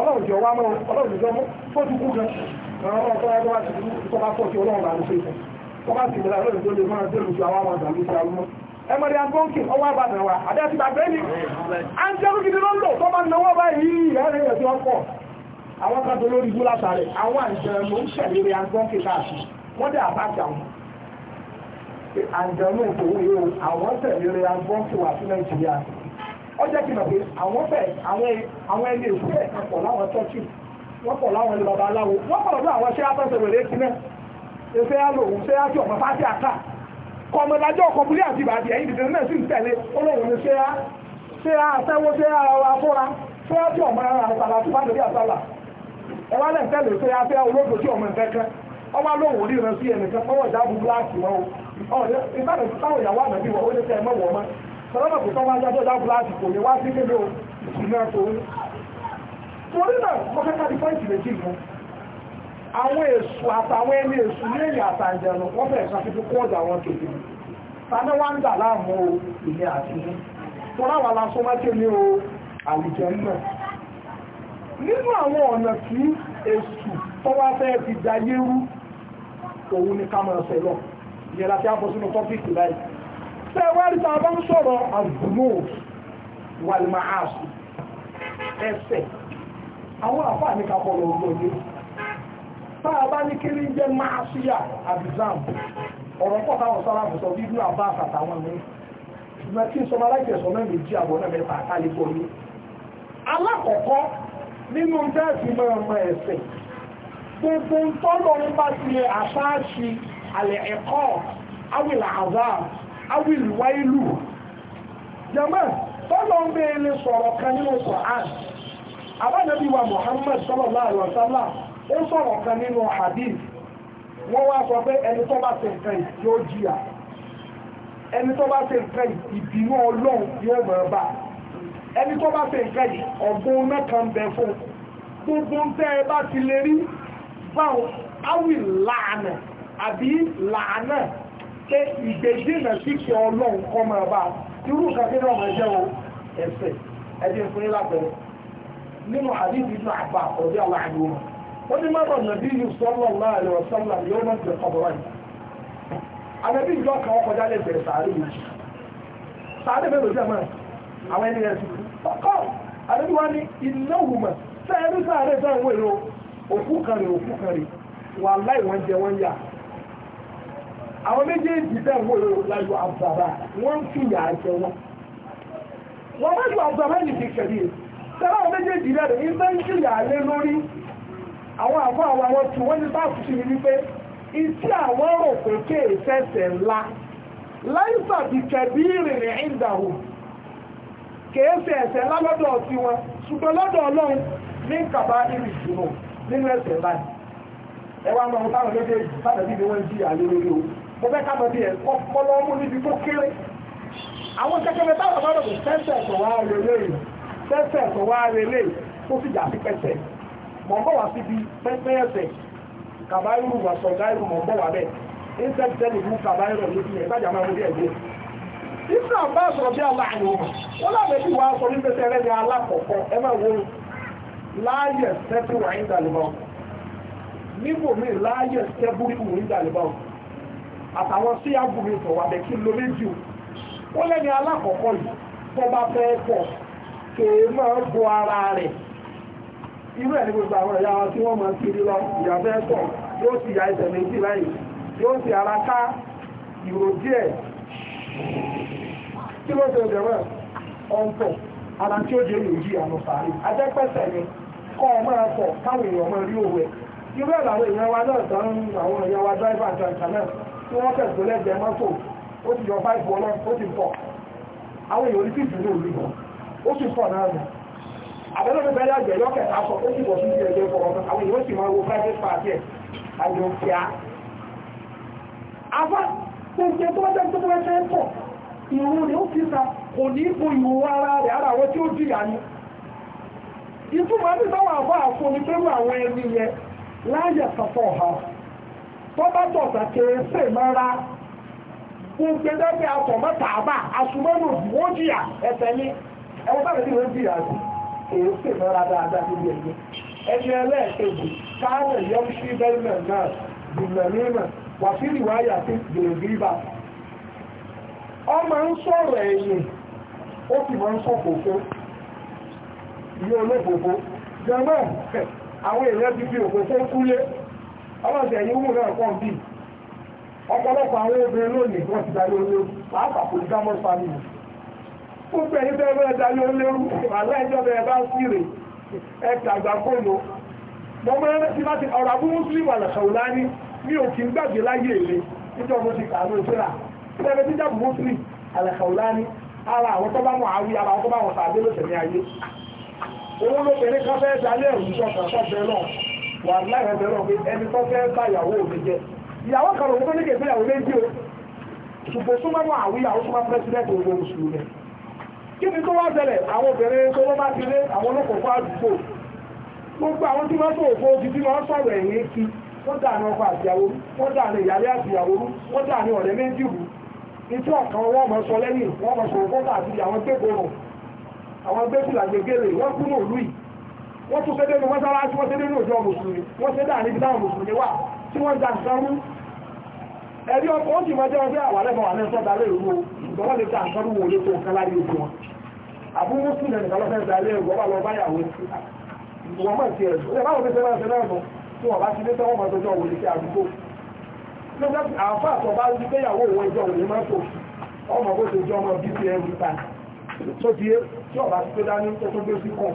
ọlọ́run jọ wá mọ́ ọlọ́run jọ mọ́ tó ti kú gan àwọn ọmọ tó wá tó bá ti kú tó bá pọ̀ sí ọlọ́run àti ṣe fún tó bá ti gbẹ̀rẹ̀ lórí tó lè máa dé lùsù àwọn ọmọ àgbàlú ti àwọn mọ́ ẹmọdé agbóǹkì ọwọ́ àbàdàn wa àdẹ́sí gbàgbé ni à ń jẹ́rú gidi lọ́lọ́ tó máa náwó báyìí ẹ̀rẹ́ rẹ̀ tí wọ́n pọ̀ àwọn kan tó lórí ibú látàrí àwọn àjẹmọ́ ń ṣẹ̀lérí agbóǹkì káàkiri wọ́n dẹ̀ àbájá wọn àjẹmọ́ òkòwò yóò àwọn ṣẹ̀lérí agbóǹkì wà sí Nàìjíríà ó jẹ́ kí n mọ̀ pé àwọn fẹ́ àwọn ẹni èkó ẹ̀ kan pọ̀ láwọn tọ́jú wọ́n pọ̀ láwọn ẹni baba aláwo wọ́n pọ̀ lọ́dọ̀ àwọn iṣẹ́ afẹ́fẹ́ wẹ̀rẹ̀ ti náà iṣẹ́ á lòun iṣẹ́ á ti ọ̀mọ́ fásí àká kọmọdájọ́ ọkọ̀bùlẹ̀ àti ìbàdí ẹ̀yìn ìdìbò náà sì ń tẹ̀lé olóhùn ní ṣẹ́á ṣẹ́á sẹ́wọ́ ṣẹ́á afọ́ra ṣẹ́á tí ọmọ tí ọmọ sọ́lọ́mọ̀ kò tán wá jáde láàbù lásìkò ní wá sí kéde o ìṣúná tòun torí náà mo fẹ́ ká di pọ́ìntì méjì kan àwọn èṣù àtàwọn ẹni èṣù ní èyí àtàjẹ̀nù wọ́n fẹ́ ìṣàfi fún kóòdù àwọn kèfì tani wá ń dà láàmú o ìní àti ní tọ́lá wà lásán mẹ́tẹ́ ní o àlùjẹ́ náà nínú àwọn ọ̀nà tí èṣù tọ́wá fẹ́ fi da yérú òun ni ká máa ṣẹlọ ìyẹn láti á bọ́ sínú tọ́pìkì láìpẹ́ tẹ́ wá rí tàbá ń sọ̀rọ̀ àgbùmọ̀ wàlìmọ̀ àṣù ẹsẹ̀ àwọn àfáà ní ká bọ̀rọ̀ ògbòdé tá a bá ní kiri jẹ́ máa síyà àbìzám ọ̀rọ̀ pọ̀ táwọn sára kò sọ bí inú àbá àtàwọn mi ṣùgbọ́n kí n sọmọ aláìkẹsọ náà méjì àbọ̀ náà mẹ́ta àkálẹ̀ bọ̀ mí alákọ̀ọ́kọ́ nínú tẹ́ẹ̀sì mẹ́rànmọ́ ẹ̀sẹ̀ gbogbo tọ́lọ̀ ń bá ti àṣáàṣì àlẹ̀ ẹ̀kọ́ awìlà àzáàmù awil wailu jama tọ́lọ ń bẹ́ ilé sọ̀rọ̀ kan nínú Qur'an abánabi wa Muhammad sallallahu alaihi wasallam ó oh sọ̀rọ̀ kan nínú hadith wọ́n wá sọ pé ẹni tó bá ṣe nǹkan yóò jìyà ẹni tó bá ṣe nǹkan ìbínú ọlọ́run yóò mọ̀ ẹ́ bá ẹni tó bá ṣe nǹkan ọ̀gbọ́n mẹ́ta ń bẹ fún gbogbo ń tẹ́ ẹ bá ti lè rí báwọn awil làánà àbí làánà pé ìgbèdínà síkì ọlọ́run kọ́ máa bá irú kàkí náà máa jẹ́ o ẹ̀sẹ̀ ẹ̀dí fún yín lápẹ̀rẹ̀ nínú àdíjì náà àbá ọ̀dẹ́ aláàánú wọn wọ́n ní mọ́rọ̀ nàbí yìí sọ́lọ̀ láàrin ọ̀sánlá yóò máa ti kọ̀bọ̀rọ̀ yìí àbẹ̀bí ìjọ kan kọjá lè bẹ̀rẹ̀ sàárè yìí sàárè bẹ̀rẹ̀ sí àmà àwọn ẹni rẹ̀ sí ọkọ̀ àbẹ̀bí wọn ní iná wùmọ̀ sẹ́ẹ̀rí sàárè sẹ́ẹ̀ wọ̀ èrò òkú kan rè òkú kan rè wà láì wọ́n jẹ wọ́n yà àwọn méjèèjì bẹ́ẹ̀ wọ́n yóò láyọ̀ àbàbà wọ́n ń fìyà jẹ wọn. wọ́n má ju àbàbà yìí fi kẹ̀lé sẹ́lá àwọn méjèèjì bẹ́ẹ̀ ní bá ń fìyà lé lórí àwọn àbọ̀ àwọn àwọn tí wọ́n ní bá fi ṣe wípé ìtí àwọn rò pé kéèfẹ́sẹ̀ ńlá láìsà bí kẹ̀bí ìrìnrìn ìdàrú kéèfẹ́ ẹ̀sẹ̀ ńlá lọ́dọ̀ ọtí wọn ṣùgbọ́n lọ́dọ̀ ọlọ́run ní kàbá ìrìn ìṣúná nínú ẹ̀sẹ̀ láì ẹwà mo fẹ́ kábọ̀ bí ẹ̀kọ́ pọ́lọ́ mú níbi tó kéré àwọn kẹ́kẹ́rẹ́ táwọn bá rọ̀bù tẹ́sẹ̀ tó wá relé tẹ́sẹ̀ tó wá relé tó sì jà sí pẹ́sẹ̀ mọ̀ bọ̀ wá síbi pẹ́sẹ̀ ẹ̀sẹ̀ kàbáyìrù wà sọ̀gáyìrù mọ̀ bọ̀ wá bẹ́ẹ̀ ìṣẹ́jẹ́lì mú kàbáyìrù níbi ẹ̀ bá jà máa mú bí ẹ̀gbẹ́ ìṣẹ́ àbá sọ̀rọ̀ bí aláàánú wọn lábẹ́ bí wàá sọ nípa ẹsẹ̀ rẹ̀ ní alákọ̀ọ́kọ́ ẹ máa wo láàyè sẹ́tù wà ń dàlùbọ̀ níbòmí láàyè sẹ́bùrì àtàwọn sí agbóhìntọ̀ wà bẹ̀ kí ló méjì ó lẹ́ni alákọ̀ọ́kọ́ yìí tó bá fẹ́ pọ̀ kèé máa bo ara rẹ̀ irú ẹ̀ ní gbogbo àwọn ẹ̀yà wọn tí wọ́n máa kiri lọ ìyá fẹ́ pọ̀ yóò sì ya ẹsẹ̀ méjì láyìí yóò sì ara ká ìrò díẹ̀ kí ló ṣe bẹ̀rẹ̀ ọ̀pọ̀ ara tí ó jẹ́ ìròyìn ìyànà sàárè ajẹ́pẹ̀sẹ̀ ni kọ́ ọmọ ẹ̀kọ́ káwọn èèyàn máa rí òwe irú ẹ̀ làwọn èèyàn wa náà tán àwọn èèyàn wa dráìvà jàǹkà náà tí wọ́n tẹ̀ tó lẹ́gbẹ̀ẹ́ mọ́tò ó ti yọ fáìfù ọlọ́run ó ti pọ̀ àwọn èèyàn oríṣi ìdúró òní bọ̀ ó ti pọ̀ náà nù àbẹ́lẹ́ mi bẹ́ẹ̀ àgbẹ̀ yọ́kẹ̀ ká sọ ó ti bọ̀ sí ilé ẹgbẹ́ fọwọ́ àwọn èèyàn sì máa wo private party ẹ̀ àjọ kíá afá gbogbo tó wájá tó wájá ń pọ̀ ìrún ni ó fi ta kò ní ipò ìwò ara rẹ̀ ara àwọn tí ó jìyà ni ìtumọ̀ ní báwọn àbá àfọ ní pẹ̀lú àwọn ẹni yẹn láyẹ̀ sọ̀tọ̀ ọ̀hán tó bá dọ̀tà kéèfé mọ́ra gbogbo ẹgbẹ́ bí atọ̀ mọ́ta àbá asùmọ́nù wọ́n jìyà ẹ̀fẹ̀ ní ẹwọ́n bá rẹ̀ ní wọ́n jìyà sí kéèfé mọ́ra dáadáa níbi ẹ̀yẹ ẹni ẹlẹ́ẹ̀kejì káwọn yọm sí bẹ́ẹ̀mẹ̀ náà bìnnàmímẹ̀ wà sí ìwáyà sí gbèrègbèrèbà ọmọ ń sọ̀rọ̀ ẹ̀yìn ó sì máa ń sọ fòfó ìyá olófòfó jẹ́mọ́ àwọn èèyàn ti fi òfófó kúlé ọlọ́sẹ̀ yìí wù náà pọ̀ bí ọ̀pọ̀lọpọ̀ àwọn obìnrin lónìí wọ́n ti darí olóró pàápàá kò ní dámọ́ family gbogbo ẹ̀yìn bẹ́ẹ̀ bẹ́ẹ̀ darí olóró aláìjọ́ bẹ́ẹ̀ bá sí rè ẹ tàgbà kóno mo máa ń rántí láti ọ̀rọ̀ abúrú sí ìwàlẹ̀ ṣàwùlání mi ò kì í gbàgbé láyé èlé níjọ́ mo ti kàánú ìṣẹ́ra pẹ́ẹ́rẹ́ tí jábù mo sì àlẹ̀kàwùlání ara àwọn tó bá mọ̀ àwí ara àwọn tó bá mọ̀ tàbí lóṣèlú ayé òun lóbìnrin kan fẹ́ẹ́ dalẹ́ òwúrọ̀ kan fọ́ọ̀fẹ́ náà wà láyé ọbẹ̀ náà pé ẹni tó fẹ́ bá ìyàwó mi jẹ ìyàwó kan òun tó ní kèfé ìyàwó méjì o ṣùgbọ́n súnmọ́ náà àwọn ìyàwó súnmọ́ pẹ́sidẹ́ntì owó mùsùlùmí kí ni tó wá ṣẹlẹ̀ àwọn obìnrin tó wọ́n bá ti lé àwọn olókòókò àdúgbò gbogbo àwọn tí wọ́n tó òfò títí wọ́n sọ̀rọ̀ ẹ̀yìn kí wọ́n dànù ọkọ àtìyàwó wọ́n dànù ìyálé àtìyàwó wọ́n dànù ọ̀rẹ́ méjì rú ìtú ọ̀kan wọ́n mọ̀ sọ lẹ́yìn wọ́n mọ̀ sọ̀rọ̀ fọ́tà àti àwọn gbẹ́gbẹ́ rùn àwọn gbẹ́gbẹ́ làgbẹ́gẹ́rẹ́ wọ́n kúrò lùyìí wọ́n tún kéde ní wọ́n sára tí wọ́n tẹ́lẹ̀ ní òjò mùsùlùmí wọ́n tẹ́ dà níbi táwọn mùsùlùmí wà tí wọ́n dá sánmú ẹ̀rí ọkọ̀ ó sì jẹ́ ọjọ́ àwàlẹ́fọ̀ àlẹ́ sọ́dá lè ta sánmú wò lé tó kálá ní ojú wọn àbú mùsùlùmí ẹ̀nìkan lọ́fẹ́ da lé lọ báyàwó wọ́n mọ̀ mọ̀ sí kàn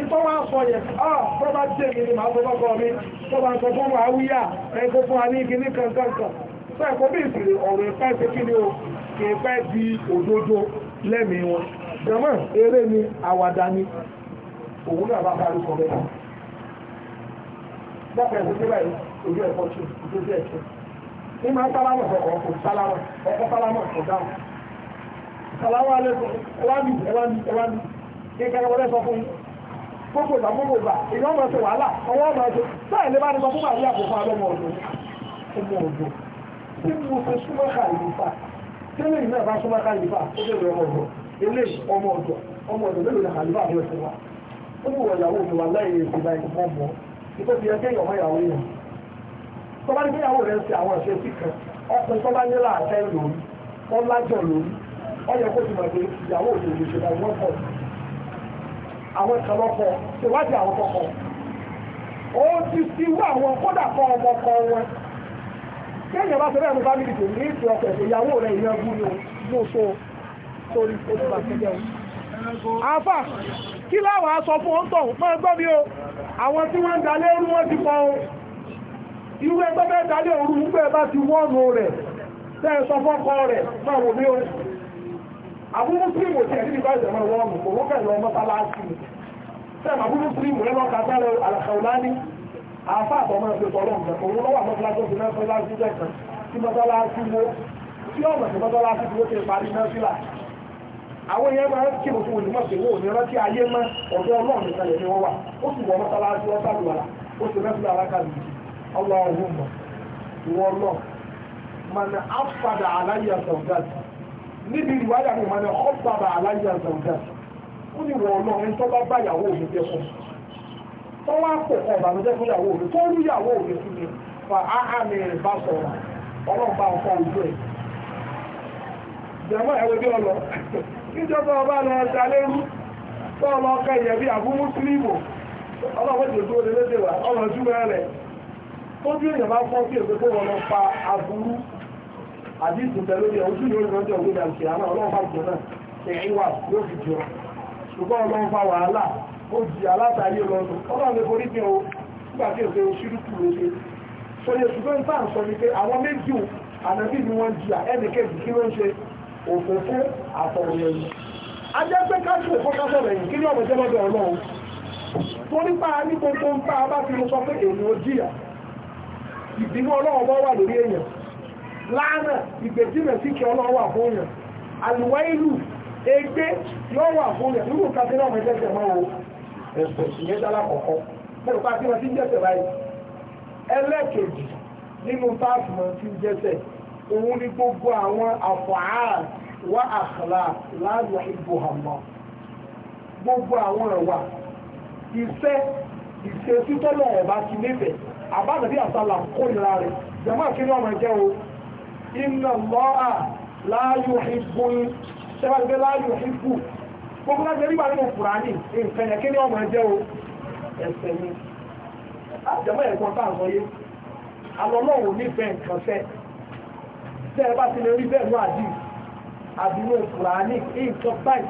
ìtọ́ wá sọ yẹ̀ ah, tó bá jẹ́ mi ni màá fọ́kọ́ mi tó bá ń sọ fún wa wíyà ẹgbẹ́ fún wa ní igi ní kankankan tó ẹ̀kọ́ bí ìsìnlẹ̀ ọ̀rọ̀ ìpẹ́ ti kí ni o kì í pẹ́ di òdodo lẹ́mí wọn jẹ́mọ́ eré ni àwàdà ni òun náà bá parí sọ bẹ́ẹ̀ bọ́pẹ̀ ẹ̀sìn tí báyìí ojú ẹ̀kọ́ tù ojú ẹ̀kọ́ ní máa sálámà ọkọ̀ sálámà ọkọ̀ sálámà ọ̀dáhùn sálámà alẹ́kùn ẹwà ní ẹwà ní ẹwà ní kí kẹrẹ wọlé sọ fún yìí gbogbo ìgbà gbogbo ìgbà èèyàn máa ṣe wàhálà ọwọ́ máa ṣe bẹ́ẹ̀ lè bá ní sọ fún màrí àpò ọ̀dọ́ ọmọ ọ̀dọ́ tí mo ṣe súnmọ́ kàlífà tí lè ní ẹ̀bá súnmọ́ kàlífà ó lè rẹ ọ̀dọ́ ilé ọmọ ọ̀dọ́ ọmọ ọ̀dọ́ lè lè kàlífà lọ sí wa ó ní wọ mi wà láyé èsì báyìí mọ́ mọ́ ìtọ́ fi ẹgbẹ́ ìyàwó ìyàwó yẹn tó bá ní ìyàwó rẹ̀ ń àwọn ẹ̀ṣẹ̀ sí kan ọkùnrin tó bá ní láàtẹ́ lórí ọlájọ lórí ó kó ti mọ̀ pé ìyàwó òde òde ṣe báyìí wọ́n pọ̀ sí àwọn ìkànlọ́kọ̀ ṣèwádìí àwọn kọ̀ọ̀kan ó ti sí wá àwọn kódà kan ọmọ kan wọn kéèyàn bá sọ́dọ̀ ẹ̀mú fámìlì tó ní ìtì ọkọ̀ ẹ̀sẹ̀ ìyàwó rẹ̀ ìyẹn gún ní oṣù torí oṣù bàtẹ́jẹ́ o. àfà kí láwàá sọ fún ọ́n tọ̀hún gbọ́ mi o àwọn tí wọ́n ń dalẹ̀ orú wọn ti pọ̀ o irú ẹgbẹ́ bẹ́ẹ̀ dalẹ̀ orú wípé bá ti wọ́ọ̀nù rẹ̀ tẹ́ sọ fọ́kọ rẹ̀ máa wò mí o àbúrú sílìmù tí ẹ̀rí nípa ìjọba wọn mú òun fẹ́ lọ mọ́sálásí sẹ́m àbúrú sílìmù lẹ́nu ọkà sáré àlàkàwùlání àfa àtọmọ ẹgbẹ́ tọrọ nǹkan òun lọ́wọ́ mọ́sálásí ti náà mọ́sálásí jẹ́ kan tí mọ́sálásí wo tí ọ̀nà tí mọ́sálásí ti wó ti parí náà sílà àwọn èèyàn máa ń kí òfin òdìmọ̀ sí wọn òmìnira tí ayé mọ́ ọ̀dọ́ ọlọ́run nìkan lè ní wọ́n wà ó sì wọ mọ́sálásí wọn sábìwàlà ó sì rẹ́ alákàlù ọlọ́run mọ̀ ìwọ ọlọ́run níbi ìwádà mi wọn ọ bàbà aláyé ó ní wọ̀ ọlọ́run ẹni tó bá bá ìyàwó mi jẹ́ fún tó wá fún ìyàwó fa áhà mi rìn bá sọ̀rọ̀ ọlọ́run bá ọkọ̀ ojú ẹ̀ jẹ̀mọ́ bí ọlọ níjọba ọba lọ ọjà lérú tó ọlọ ọkọ ìyẹ̀ bí àbú mùsùlùmù ọlọ́wọ́ tó wa àdíṣù pẹ̀lú ní ojú yóò rọ́jọ́ òwe náà ṣe àwọn ọlọ́run jẹ náà ṣe ìwà yóò fi jọ ṣùgbọ́n ọlọ́run wàhálà ó di alátàrí lọ́dún ọlọ́run lè forí o nígbà tí èso ṣírùkù ló ṣe sọyẹ ṣùgbọ́n ń tàn sọ ni pé àwọn méjì ànàbí ni wọ́n jìyà ẹnìkejì kí ló ń ṣe òfófó àtọ̀rọ̀yẹ̀yìn ajẹ́ pé káṣù láàrẹ̀ ìgbèjìnà sí kí ọlọ́run wà fún yẹn àlùwá ìlú ẹgbẹ́ yóò wà fún yẹn nínú kàtí náà mọ̀ jẹ́jẹ̀ mọ́ o ẹ̀sùn ìyẹn dára kọ̀kọ́ mo rò pàtí wọn ti ń jẹ́sẹ̀ báyìí ẹlẹ́kejì nínú táàfù wọn ti ń jẹ́sẹ̀ òun ni gbogbo àwọn àfọ̀hàn wá àkàlà láàrẹ̀ ìbò àmọ́ gbogbo àwọn ẹ̀wà iṣẹ́ ìṣesítọ́lọ̀ ọ̀bá ti nífẹ̀ẹ́ àbá àbí àsálà kó ìlera rẹ̀ jẹ̀mọ́ àkíní ọmọ ẹ̀jẹ̀ o iná lọ́à láàyò ìbò ṣẹ́wàgbé láàyò ìbò gbogbo láti rí wà nínú kùránì nǹkan ẹ̀kẹ́ ní ọmọ ẹjẹ́ o ẹ̀sẹ̀ ni àjẹmọ́ ẹ̀kọ́ tá à ń sọyé alọ́lọ́wọ́ nífẹ̀ẹ́ nǹkan fẹ́ tẹ́ ẹ bá ti lè rí bẹ́ẹ̀ ní àdì àbínú kùránì nǹkan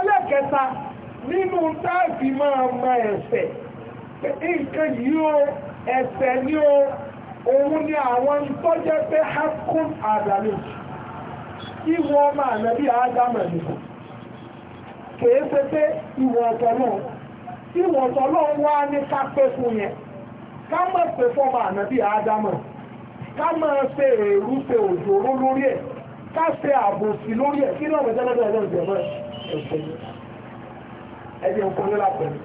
ẹlẹ́kẹta nínú táàbì máa ma ẹ̀sẹ̀ nǹkan yìí ó ẹ̀ṣẹ̀ ní o òun ni àwọn tó jẹ́ pé hakun àdàmì kí wọ́n máa nẹ́bí àádámẹ̀ nìkan kèé ṣe pé ìwọ̀ ọ̀tọ̀ náà ìwọ̀ ọ̀tọ̀ náà wá ní ká pé fún yẹn ká mọ̀ pé fọ́mọ ànàbí àádámẹ̀ ká mọ̀ ṣe èrú ṣe òjòrò lórí ẹ̀ ká ṣe àbòsí lórí ẹ̀ kí náà wọ́n jẹ́ lọ́dọ̀ ọlọ́run jẹ́ mọ́ ẹ̀ṣẹ̀ ẹ̀jẹ̀ nǹkan lọ́la pẹ̀lú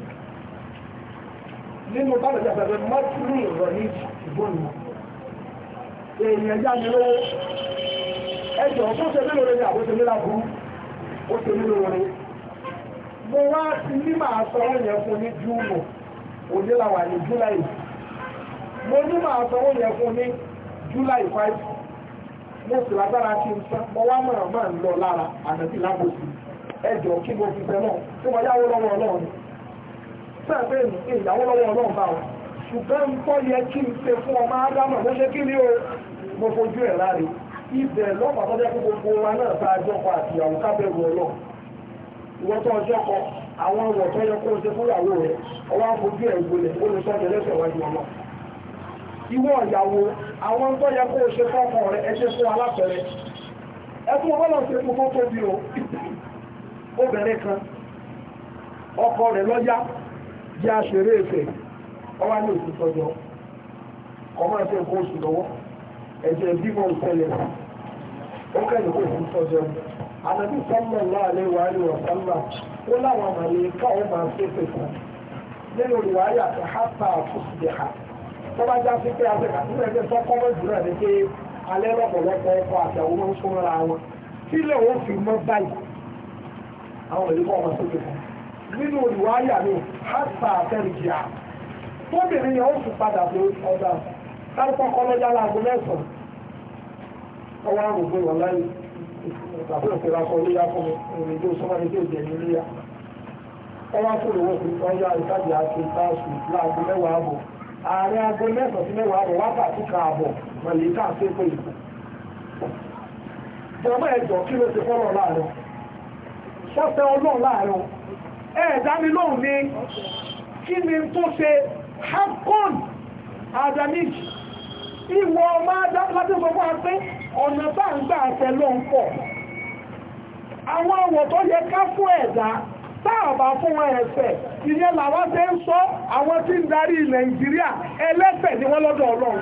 nínú bá lọ́jà pẹ̀lú mọ́tìrì ìrọ̀lì ìbónú èèyàn já ní lówó ẹjọ́ tó ṣe nílò rẹ̀ àbó ṣe nílá burú ó ṣe nílò rẹ̀ mo wá ti ní màá sọ wọ́n fún ní júùnù òdílàwà ní júláì mo ní màá sọ wọ́n fún ní júláì 5 mo sì lágbára kí n mo wá sẹ́ẹ̀fẹ́ ìlú pé ìyàwó lọ́wọ́ ọlọ́run bá wọn ṣùgbọ́n ń tọ́ yẹ kí n ṣe fún ọmọ ádámọ̀ ló ṣe kí ni o mo fojú ẹ̀ láre ibẹ̀ lọ́pàá tó jẹ́ pé gbogbo wa náà bá ajọ́kọ àti ìyàwó kábẹ́rù ọlọ́ ìwọ́n tó ọjọ́ kọ àwọn ọ̀rọ̀ tó yẹ kó o ṣe fúyàwó rẹ ọwọ́ fojú ẹ̀ gbolẹ̀ ó lè sọ́jọ́ lẹ́sẹ̀ wájú ọlọ́ ìwọ ìyàwó àwọn tó yẹ kó o ṣe fọ́ọ̀mù rẹ ẹ ṣe fún alápẹ̀rẹ ẹkún ọlọ́ ṣe fún fọ́tò bí o obìnrin kan ọkọ rẹ̀ lọ́yá jẹ́ àṣeré ìfẹ́ ọwá ní òsì tọ́jọ́ ọmọ ẹ̀fẹ́ nǹkan oṣù lọ́wọ́ ẹ̀jẹ̀ bímọ ìṣẹ̀lẹ̀ ó kẹ́lẹ̀ kó òsì tọ́jọ́ ànàbí sọ́mọ̀ náà lè wà ní ọ̀sánmà ó láwọn àmàlẹ́ káwọn máa ṣe pè kan nínú ìwáyà tó hápà fúsùdì ha tó bá já sí pé afẹ́ka nínú ẹgbẹ́ sọ́kọ́ mọ́jùlá ní pé alẹ́ lọ́pọ̀lọpọ̀ ọkọ̀ àtàwọn ọmọ ń súnmọ́ra wọn sílẹ̀ òun fi mọ́ báyìí àwọn ìlú kọ́ ọmọ sókè kan nínú olùwáyà ní hàtà àtẹ́rìkìá tóbìnrin yẹn ó sì padà pé ọ̀dà kárùkọ́ kọ́lọ́jà láago mẹ́sàn-án ọwọ́ àrùn pé wọ́n láyé tàbí òfin akọ ilé yá fún mi òní tó sọ́mọ́ ní tó jẹ ní ilé yá ọwọ́ fún ìwé òfin ọjà ìtajà àti ìtaṣù láago mẹ́wàá àbọ̀ ààrẹ aago mẹ́sàn-án sí mẹ́wàá àbọ̀ wákàtí kan àbọ̀ mọ̀lẹ́ká sí pé ìbò jọmọ́ ẹ̀jọ̀ kí ló ti fọ́lọ̀ láàrin sọ́fẹ́ ọlọ́ọ̀ láàrin ẹ̀ẹ̀dámi lóhùn ni kí ni tó ṣe hakon adamich ìwọ ọmọ adálájẹ́ sọ fún ọ̀nà bá ń gbà àṣẹ ló ń pọ̀ àwọn ọwọ̀ tó yẹ ká fún ẹ̀dá táàbà fún ẹ̀ẹ̀fẹ̀ tẹ́ ń sọ àwọn tí ń darí Nàìjíríà ni wọ́n lọ́dọ̀ Ọlọ́run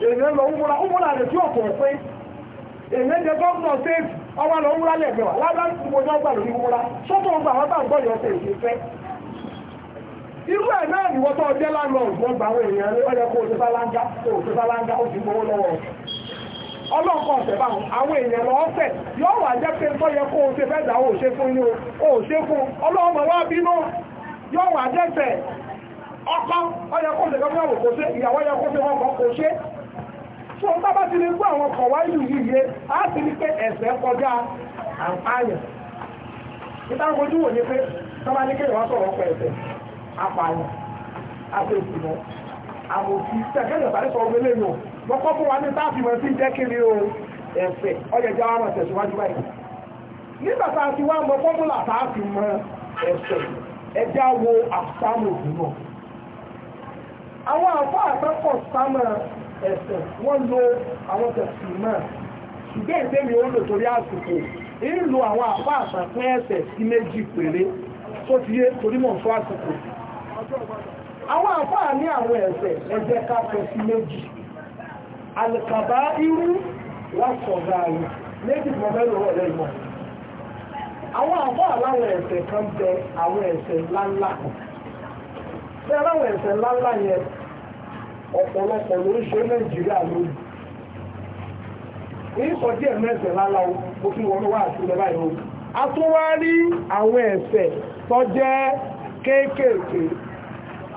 èèyàn lọ múra múra rẹ̀ tí ò kò pé èèyàn jẹ gọ́ọ̀nà stéètì ọwọ́ lọ múra lẹ́gbẹ̀wà lábẹ́ ìmọ̀jọ́ gbà lórí múra sọ́tọ̀ ọgbà wọn bá ń gbọ́yọ̀ ṣe ìṣe irú ẹ̀ náà ni wọ́n tọ́ jẹ́ lánàá ọ̀gbọ́n gbà àwọn èèyàn rẹ̀ ọ̀yẹ́ kó o ti sálángá kó o ti sálángá ó ti gbowó lọ́wọ́ ọlọ́nkọ̀ ọ̀sẹ̀ bá àwọn èèyàn lọ ọ̀fẹ́ yóò wà jẹ́ o ṣe fẹ́ dà ó ṣe fún inú ó ṣe o ṣe kọ́ tó ń bábá gbọ́ àwọn kọ̀wá ìlú yìí á sì ní pé ẹ̀sẹ̀ kọjá níta ń wò ní pé sábà ní kéèyàn sọ̀rọ̀ pẹ̀ ẹ̀sẹ̀ apààyàn apèsìmọ́ àmòfin tẹ̀kẹ́lẹ̀ sáré sọ ọgbẹ́lẹ́ yìí lọ́kọ́ fún wa ní táàfin mọ̀ sí jẹ́ ọjà jẹ́ àwọn síwájú báyìí nígbà mọ fọ́múlà táàfin mọ ẹjá wo náà àwọn àtẹ́kọ̀ọ́ ẹ̀sẹ̀ wọ́n lo àwọn tẹ̀sùn náà ṣùgbọ́n ìgbé mi ó lò torí àsìkò ń lo àwọn àpá àṣàpín ẹ̀sẹ̀ sí méjì péré tó ti yé torí mọ̀ fún àsìkò àwọn àpá ní àwọn ẹ̀sẹ̀ ẹ̀jẹ̀ ká pẹ̀ sí méjì alìkàbá irú wà sọ̀gá rẹ̀ méjì mọ̀ mẹ́lò rọ̀ lẹ́yìn àwọn àpá àláwọn ẹ̀sẹ̀ kan bẹ àwọn ẹ̀sẹ̀ ńláńlá kan ọ̀pọ̀lọpọ̀ ló ń ṣe nàìjíríà lónìí ní ìsọjí ẹ̀mọ́ ẹ̀sẹ̀ lára o mo fi wọn wá àti ìjọba ìlú a tún wá rí àwọn ẹ̀sẹ̀ tó jẹ́ kéékèèké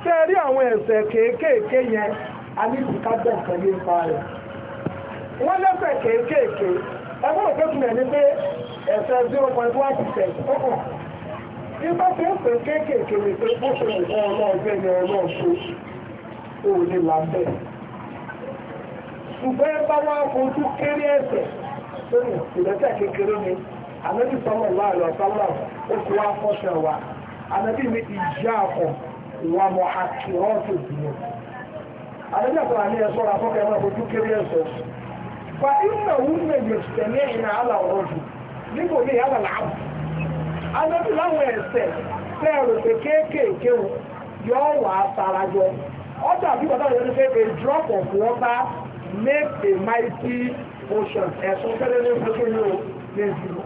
tẹ́ rí àwọn ẹ̀sẹ̀ kéékèèké yẹn a ní ìdíkájọ́ nǹkan ní ipa rẹ̀ wọ́n lẹ́sẹ̀ kéékèèké ẹgbẹ́ òpétunẹ̀ ní pé ẹ̀sẹ̀ 0.1 percent ó kàn nípa tó ń pè kéékèèké ní pé ó ṣe ìfọ́ ọlọ́ọ̀gbẹ́ni ọlọ́ọ̀ṣe òun ní làbẹ́ ṣùgbọ́n bá wá ojú kéré ẹ̀sẹ̀ lónìí ìrẹ́sẹ̀ kékeré ni ànábì sọ́mọ̀ láàrọ̀ sọ́mọ̀ ó ti wá fọ́ṣẹ̀ wa ànábì mi ti já ọkọ̀ ìwà mọ̀ àkìrọ́ọ̀tì ìdíyẹ ànábì àtọ́ra ní ẹ̀ṣọ́ ra fọ́kẹ́ náà ojú kéré ẹ̀sẹ̀ fa iná òun lè yè tẹ̀lé ìrìn àlà ọ̀rọ̀ jù nígbò ní ìyá làlá láwọn ẹ̀sẹ̀ fẹ́ẹ̀rù pé kéékèèké yọ ọjọ́ àbíkọ̀ náà yóò ní pé a drop of water make a mighty ocean ẹ̀sùn tẹ́lẹ̀ ní ìfúnṣẹ́ yóò lè zero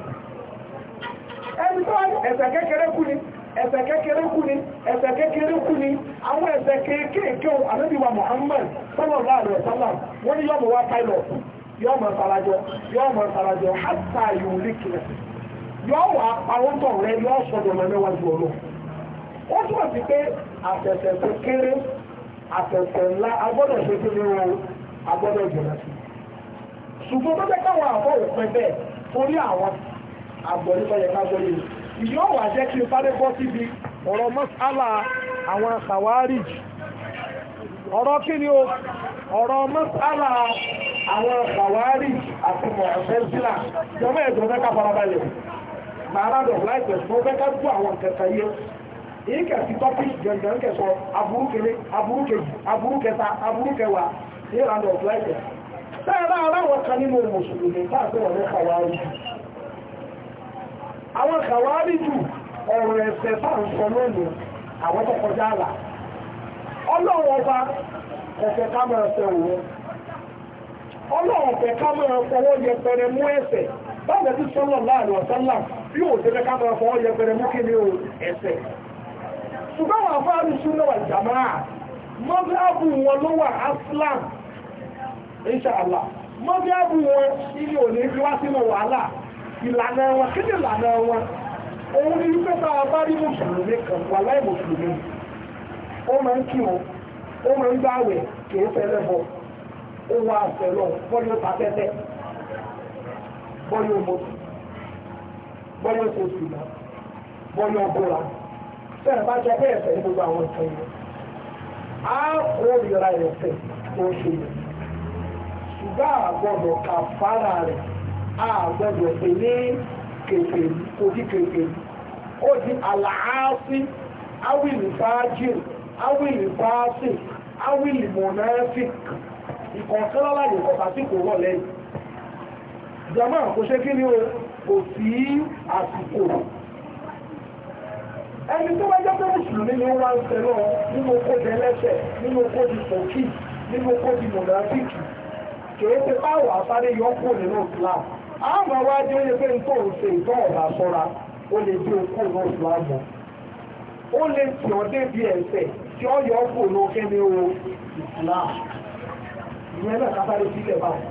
ẹni tó ẹ̀ṣẹ̀ kékeré kú ni ẹ̀ṣẹ̀ kékeré kú ni ẹ̀ṣẹ̀ kékeré kú ni àwọn Muhammad sallallahu alaihi wasallam wọ́n ní yọ́mọ̀ wá pilot yọ́mọ̀ sàrájọ́ yọ́mọ̀ sàrájọ́ hátà yóò líkìlẹ̀ yọ́ wà yọ́ sọ̀dọ̀ mẹ́wàá jù àtẹ̀tẹ̀ ńlá agbọ́dọ̀ ṣe kí ni o agbọ́dọ̀ jìnnà sí. ṣùgbọ́n tó jẹ́ káwọn àbọ̀ òpin bẹ́ẹ̀ torí àwọn àgbọ̀rí lọ́yẹ̀ kájọ yìí ìyọ́ wà jẹ́ kí n sáré bọ́ síbi ọ̀rọ̀ mọ́sálà àwọn khawarij ọ̀rọ̀ kí ni o ọ̀rọ̀ mọ́sálà àwọn khawarij àti mọ̀ọ́fẹ́sílà jọmọ́ ẹ̀dùn fẹ́ ká farabalẹ̀ màá rádọ̀ láìpẹ̀ fún fẹ́ ká gbọ́ àwọn kẹta yìí èyí kẹ̀sí tọ́pìsì gẹ̀ǹgẹ̀ ń kẹsọ aburú kele aburú kejì aburú kẹta aburú kẹwàá ní ìlànà ọ̀tún ẹ̀jẹ̀ sáàrà aláwọ̀ kan nínú mùsùlùmí táàkì wọn ní kàwárí jù àwọn kàwárí jù ọ̀rọ̀ ẹ̀sẹ̀ táà ń sọ lónìí ọba láàrin ọ̀sán ṣùgbọ́n wọn fún àrùsù náà wà jàmáà mọ́gíláàbù wọn ló wà aslam inṣàlá mọ́gíláàbù wọn ilé òní fi wá sínú wàhálà ìlànà wọn kí ni ìlànà wọn òun ni wípé bá a bá rí mùsùlùmí kan wà láì mùsùlùmí ó máa ń kí wọn ó máa ń gbàwẹ̀ kìí fẹ́lẹ́ bọ̀ ó wá àfẹ́lọ́ bọ́lí ó ta bọ́lí ó mọ́tò bọ́lí ó ṣe sùnà bọ́lí ó bóra bẹ́ẹ̀ bá jẹ́ bẹ́ẹ̀ fẹ́ ní gbogbo àwọn ìtàn yìí àgbọ̀dọ̀ kà fara rẹ̀ àgbọ̀dọ̀ pè ní kèfèrí kò di ó di àlàáfíì awìlì fáájìl awìlì fáásì awìlì mọ̀nẹ́fìk ìkọ̀ọ̀kẹ́lọ́lá ìkọ̀ọ̀kà tí kò rọ̀ lẹ́yìn jama kò ṣe kí ni o kò sí àsìkò ẹni tó wájá pé mùsùlùmí ni wọ́n wá ń tẹ̀lé ọ nínú oko di ẹlẹ́sẹ̀ nínú oko di pòkì nínú oko di mọ̀gàfíìkì kìí ṣe báwo àsáré yọ kú nínú Islam àwọn wájú ó yẹ pé n tó ń ṣe ìtọ́ ọ̀la sọ́ra ó lè dé okú nínú Islam ó lè tì ọ́ débi ẹ̀sẹ̀ tí ó yọ kú nínú kíni o Islam ìyẹn náà kábàárẹ̀ sílẹ̀ báwọn.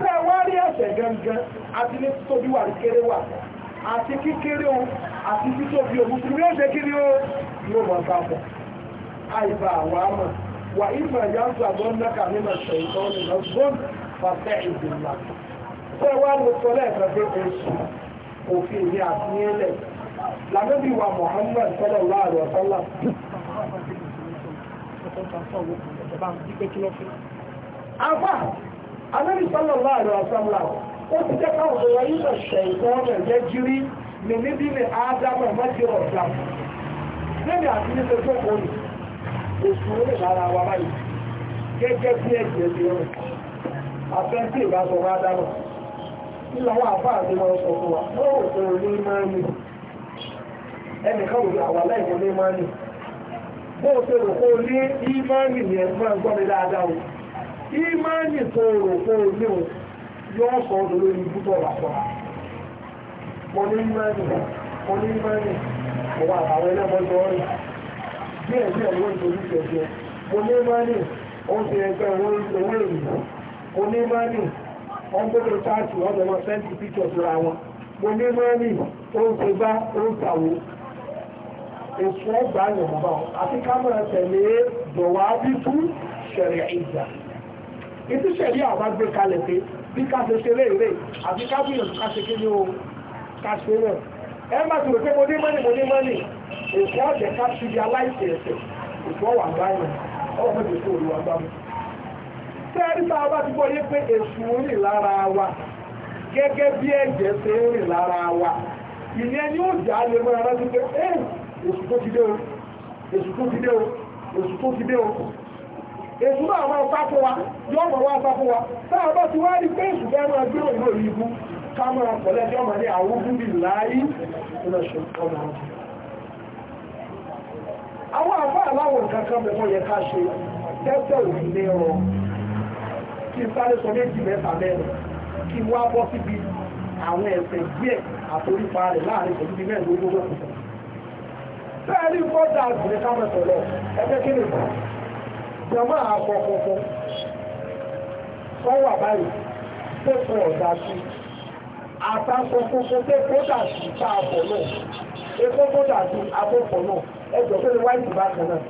bẹ́ẹ̀ wá rí ẹ̀sẹ̀ gẹ́gẹ́ àti ní tóbi wà kéré wà àti kékeré o àti títóbi o mùsùlùmí ó ṣe kí ni ó yóò mọ̀ papọ̀ àìbá àwọn àmọ̀ wà ìmọ̀ ìyá ń mẹ́ka nínú ṣe ìtọ́ nínú gbọ́n pàṣẹ ìdìmọ̀ fẹ́ wá ló sọ lẹ́ẹ̀kan pé oṣù òfin ìní àti ilẹ̀ lànàbí wa Muhammad sallallahu alaihi wasallam àfà anábì ó ti jẹ́ káwọn ọ̀rọ̀ yìí lọ ṣẹ̀ ìtọ́ ọ̀nà ẹ̀jẹ̀ jírí ní níbi ní ádámù mẹ́tì ọ̀dà lẹ́nu àti ní ṣẹ́jọ́ òní oṣù orí lára wa báyìí gẹ́gẹ́ bí ẹ̀jẹ̀ ti rẹ̀ àfẹ́ǹtì ìbáṣọ wa dáná ìlàwọ̀ àfáà àti wọn sọ fún wa lọ́wọ́ tó ní máa ní ẹnìkan òun àwà láìpọ̀ ní máa ní bó ṣe rò kó ní ìmáàmì yẹn máa gbọ́ mi dáadáa o ìmáàmì tó rò kó ní òun yóò sọ ọ́ lórí ibùdó ọ̀rọ̀ àpọ̀ra mo ní mẹ́rin mo ní mẹ́rin mo wà àwọn ẹlẹ́mọ̀jọ rẹ̀ díẹ̀ díẹ̀ ló ń torí jẹjẹ mo ní mẹ́rin oúnjẹ ẹgbẹ́ owó ènìyàn mo ní mẹ́rin ọgbọ́dọ̀ táàtì ọ̀dọ̀ wọn sẹ́ńtì píkọ̀ síra wọn mo ní mẹ́rin oúnjẹ bá oúnjẹ àwọn èso ọgbà yọ̀mọ̀bá àti kámẹ́rà tẹ̀lé dọ̀wà bí tú ṣẹ̀rẹ̀ ìjà ìtúṣẹ̀rí àwọn gbé kalẹ̀ pé bí ká ṣe ṣe léèrè àti ká gbìyànjú ká kí ni o ká ṣe rẹ̀ ẹ má ti rò pé mo ní mọ́nì mo ní mọ́nì èkó ọ̀jẹ̀ ká ṣe di aláìsè ẹ̀sẹ̀ èkó ọ̀wà báyìí ọ̀wọ́ mẹ́jọ tó olùwà gbá mi. sẹ́ẹ̀rí tá a bá ti gbọ́ yé pé èṣù ń rìn lára wa gẹ́gẹ́ bí ẹ̀jẹ̀ ṣe ń rìn lára wa ìyẹn ni ó jà á lè mọ́ra rántí pé èṣù tó ti dé o èṣù tó ti dé o èṣù tó ti dé o èsù náà máa sá fún wa yóò mọ̀ wá sá fún wa táà bá ti wá rí pé èsù bẹ́ẹ̀ máa gbé òun lórí ibú ká máa pọ̀lẹ́ tí ó máa ní àwúgbú bí láàáyí lọ́ṣọ́ ọmọ àwọn àfá aláwọ̀ kankan mẹ́mọ́ yẹ ká ṣe tẹ́tẹ́ òfin ní ọ̀rọ̀ kí sáré sọ méjì mẹ́ta mẹ́rin kí wá bọ́ síbi àwọn ẹ̀sẹ̀ díẹ̀ àforípa rẹ̀ láàrin pẹ̀lú bí mẹ́rin lójú lọ́kùnrin jọmọ́ àpọ̀pọ̀pọ̀ ọwà báyìí tó kọ ọ̀dà sí àtàkọ̀pọ̀pọ̀ tó kódà sí pàápọ̀ náà epo kódà sí apọ̀pọ̀ náà ẹjọ́ tó lè wáìtì bákan náà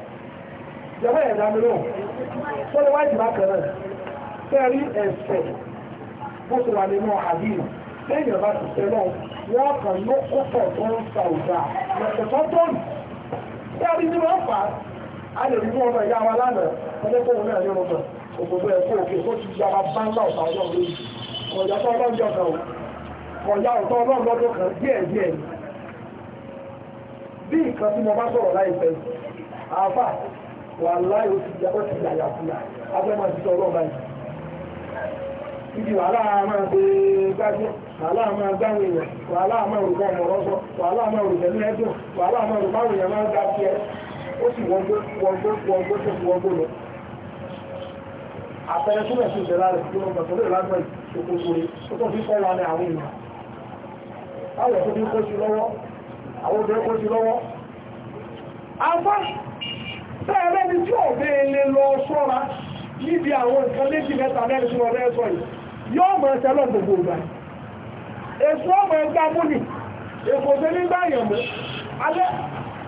jọmọ́ ẹ̀dá mi tó lè wáìtì bákan náà tẹ́rí ẹ̀sẹ̀ bó ti wà nínú àdínà lẹ́yìn ọba ti tẹ́ náà wọ́n kàn ló kó pọ̀ tó ń sa ọ̀dà lọ́sẹ̀ tó tó yìí tẹ́rí ní wọ́n a lè rí ọmọ ìyá wa lánàá ọjọ́pọ̀ náà ní ọmọ tó ti ya wa bá ńlá ọ̀tá ọlọ́run lórí kọjá tó ọlọ́run jọ kan kọjá ọ̀tá ọlọ́run lọ́dún kan díẹ̀ díẹ̀ bí nǹkan tí mo bá sọ̀rọ̀ wà láì ó ti yàtọ̀ ti yàyà abẹ́ máa ti sọ ọlọ́run báyìí ibi wàhálà máa gbé gbájú wàhálà máa wàhálà máa ọmọ wàhálà máa ní ẹ̀dùn wàhálà máa ó sì wọgbó wọgbó wọgbó tó fi wọgbó lọ àpẹẹrẹ tó mẹ̀sùn ìṣẹ̀lá rẹ̀ tó lọ́gbà tó lè lágbà ìṣòkòkòrè tó tó fi kọ́ra ní àwọn èèyàn báwọ̀ tó fi kó sí lọ́wọ́ àwọn obìnrin kó sí lọ́wọ́ afá bẹ́ẹ̀rẹ́ ni tí ọ̀bẹ́ ilé lọ sọ́ra níbi àwọn nǹkan méjì mẹ́ta mẹ́rin tí wọ́n bẹ́ẹ̀ sọ yìí yóò mọ̀ ẹsẹ̀ lọ gbogbo ìgbà èso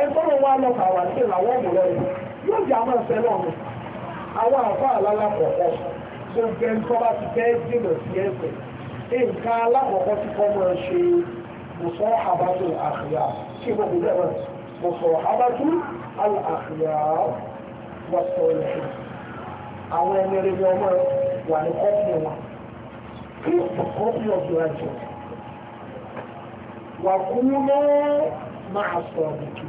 ẹgbọ́n wa lọ kàwà sí làwọn ọmọ rẹ yóò jẹ́ àwọn ẹ̀fẹ́ náà mi àwọn àfa àlálà kọ̀ọ̀kọ́ gbogbo ẹni tó bá ti fẹ́ dènà sí ẹ̀fẹ́ nǹkan alákọ̀ọ́kọ́ tí kọ́ máa ṣe mùsọ̀ àbátú àkìyà kí gbogbo bẹ́ẹ̀ wọ́n mùsọ̀ àbátú àkìyà wọ́n sọ ẹ̀fẹ́ àwọn ẹni rẹ̀ ni ọmọ wà ní kọ́pì wọn kí kọ́pì ọ̀gbìn àjọ wà kúrú náà máa sọ̀rọ̀ kìí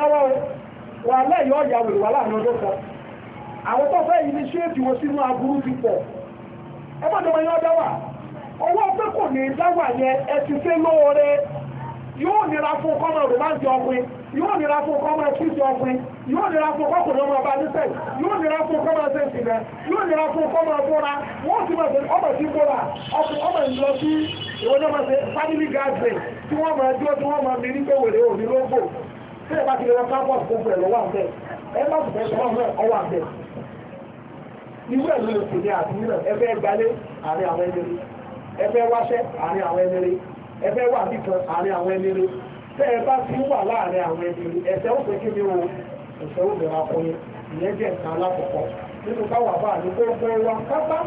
lọ́wọ́ wà lẹ́yìn ọ̀yà wèrè wà láàrin ọjọ́ kan àwọn tó fẹ́ yìí ní ṣéèkì wọn sínú aburú ti pọ̀ ẹ yọ dáwà ọwọ́ pé kò ní dáwà lóore yóò nira fún kọ́mọ rọ̀máǹtì ọkùnrin yóò nira fún ọkùnrin yóò nira fún kọ́kùnrin ọmọ ọba nísẹ̀ yóò nira fún kọ́mọ nira ọmọ tí ẹ bá ti lọ sábọ̀ gbogbo ẹ̀ lọ́wọ́ àbẹ̀ ẹ má sì sọ́wọ́ náà ọwọ́ àbẹ̀ irú ẹ̀ ló lè pè ní àtúnyìn náà gbalé àárín àwọn ẹni rí wáṣẹ́ àárín àwọn ẹni rí wà nìkan àárín àwọn ẹni rí ẹ bá ti wà láàárín àwọn ẹni rí ó pè kí ni o ẹ̀sẹ̀ ó bẹ̀rẹ̀ akọyin ìyẹn jẹ́ nǹkan alákọ̀ọ́kọ́ nínú káwà bá ní gbogbo wa kápá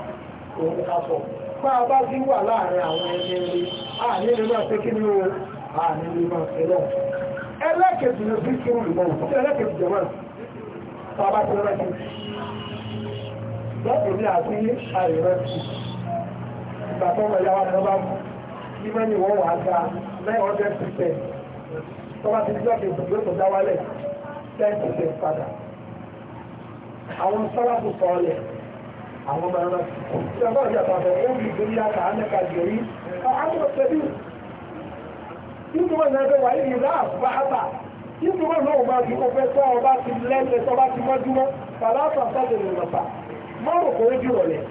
òun ká sọ bá a bá ti wà láàárín àwọn ẹni àárín ẹni náà kí ni o àárín ẹni ẹlẹ́kẹ̀ẹ́sì ní sí kí wọ́n lè mọ̀ ẹlẹ́kẹ̀ẹ́sì jẹ̀mọ́ bàbá tí wọ́n rẹ̀ lọ́pọ̀ ní àti àìrẹ́sì ìgbà tó wọ̀ yàwá lọ́bá ní mẹ́ni wọ́n wà ga 900% tó bá ti ní lọ́pọ̀ ìgbà tó dáwálẹ̀ 10% padà àwọn sọ́lápù sọ́ọ̀lẹ̀ àwọn ọmọ ẹ̀rọ nítorí náà bẹ wà yìí rà bàbà nítorí náà wọ́n ti kọ́ fẹ́ tọ́ ọba ti lẹ́lẹ̀ tọ́ bá ti mọ́júmọ́ fàlàfà sábẹ̀ lè lọ́pà mọ́rò kò rí jùrọ̀lẹ̀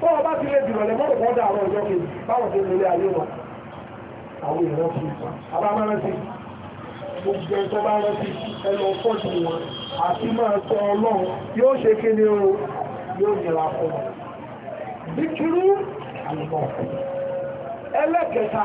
tọ́ ọba ti lè jùrọ̀lẹ̀ mọ́rò kọ́ dà àwọn ìjọ kejì báwọn tó lórí ayé wọn àwọn ìran sí abámárẹ́sì gbogbo ẹ̀tọ́ ẹlẹ́kẹta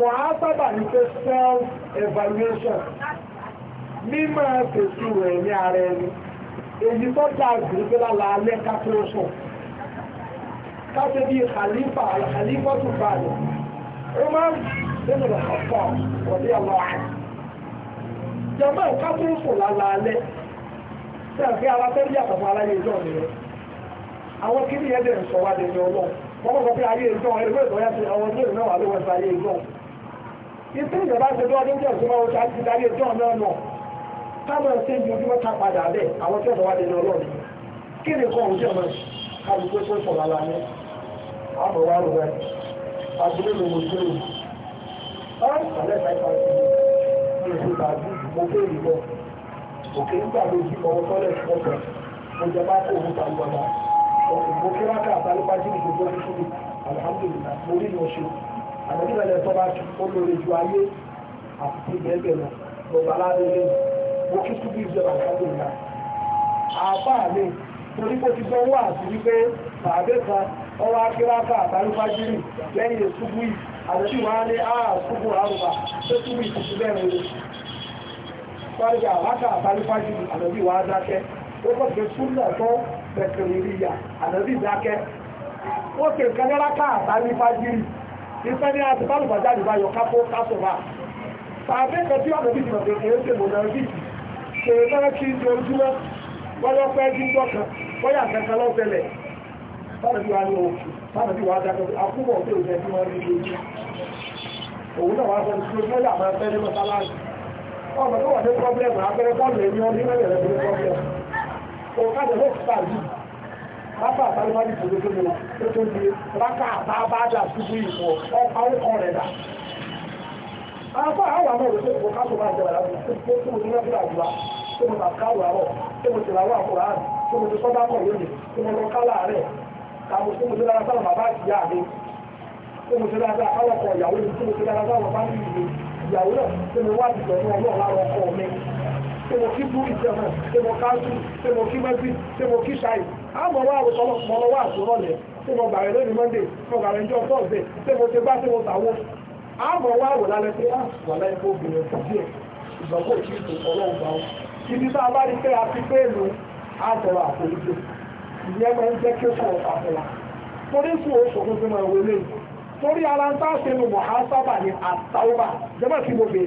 mọ̀hásábà ní pé self-evaluation mímọ̀ fèsì rẹ̀ ní ara ẹni èyí tó dáàbì pé lára alẹ́ kápẹ́ọ̀sọ̀ káṣe bí khalifa alkhalifa tó balẹ̀ ó máa ń nínú ọ̀pọ̀ ọ̀dí ọ̀lọ́ àti jọmọ́ kápẹ́ọ̀sọ̀ lára alẹ́ tí a fi ara tẹ́lẹ̀ àtàwọn aláyé ìjọ nìyẹn àwọn kí ni ẹ̀dẹ̀ ń sọ wá dẹ̀ ní ọlọ́run wọ́n mọ̀ pé ayé ìjọ ẹgbẹ́ ìtọ́yá sí àwọn ilé ìnáwó àlówó ẹ̀sẹ̀ ayé ìjọ ìpín ìjọba ṣe lọ́wọ́ níjọ́ ìjọba oṣù àti ìdarí ẹjọ́ náà nù táwọn ẹ̀sẹ̀ ìjọ tí wọ́n ta padà bẹ́ẹ̀ àwọn tí ọ̀dọ̀ wá dédé ọlọ́run kí ni kọ́ òun jẹ́ mọ́ kálukú tó sọ̀rọ̀ ara ní àbọ̀wá rẹ̀ abúlé ló mo gbé òun ọ̀rọ̀ ìpàlẹ̀ ìpàlẹ̀ ìpàlẹ̀ mo gbé ìbọn òkè nígbà ló jí ọwọ́ tọ́lẹ̀ ọ̀pọ̀ mo jẹ bá kó òun tàbí ọ̀dà mo kí wákà àtàlípàjì ìgbòho alhamdulillah mo rí ni ó àdàbí ìrẹ̀lẹ̀ tó bá olóore ju ayé àti ti gẹ́gẹ́ lọ lọ́ba alárẹ́lẹ́ mo kí túbú ìjọba àkọ́kọ́ ìlà àbá mi torí pé ti gbọ́ wà sí wípé tàbí kan ọwọ́ akíráka àtàrífájírì lẹ́yìn ìṣubú yìí àdàbí wọn á ní àṣubú àrùbà tó túbú ìtùtù bẹ́ẹ̀ rẹ̀ pàrígbà àwákà àtàrífájírì àdàbí wọn á dákẹ́ ó kọ́ pé súnlẹ̀ tó bẹ̀kẹ̀rẹ̀ ìyà àdàbí dákẹ́ ó kè kẹ́lẹ́ráka àtàrífájírì ìfẹ́ ní àti bálùbà bá yọ kápó kásùnmá tàbí tí ọ̀nà bíjì lọ́dẹ̀ kìí ṣe mọ̀nà rí ṣe lọ́rẹ́ kí ní ojúmọ́ wọ́yọ́ pẹ́ jíjọ́ kan wọ́yà wọ́n rí lójú òun náà wá ní mọ́sálásì ọmọ wà ní pọ́blẹ́mù rákà àwọn àmọ́ òwe tó ká tó bá jẹ wàrà tó tó tó ní lọ́gbìlà àdúrà tó mo bá ká wà tó mo ti rà wà kúrò àrùn tó mo ti sọ́dá kọ̀ lónìí tó mo lọ láàárẹ̀ kàmù tó mo ti dára sáwọn bàbá ìyá mi tó mo ti dára sáwọn akọ́lọ́kọ̀ ìyàwó mi tó mo ti dára sáwọn bá ìyàwó náà tó mo wá ìgbẹ̀ ní ọlọ́ lára mi tó mo kí bú ìjọ náà tó mo ká àmọ́ wá àwòsàn ọlọ́pọ̀ wá àtúrọ̀lẹ̀ tí mo gbàrẹ̀ lórí monday mo gbàrẹ̀ ìjọ thursday tí mo ti bá tí mo tàwọ́ àmọ́ wá àwò lálẹ́ pé ah, wà láyé kó bìnrin fún díẹ̀ ìgbàgbọ́ ìṣètò ọlọ́run bá wọn ibi tá a bá rí pé a ti pé èlò àtọ̀rọ̀ àforíjì ìyẹn máa ń jẹ́ kí ó sọ àtọ̀rọ̀ torí fún oṣù tó fi máa wọlé torí ara ń tá ṣe nu mọ̀hásábà ní àtàwọ̀bà jẹ́mọ̀ kí mo bè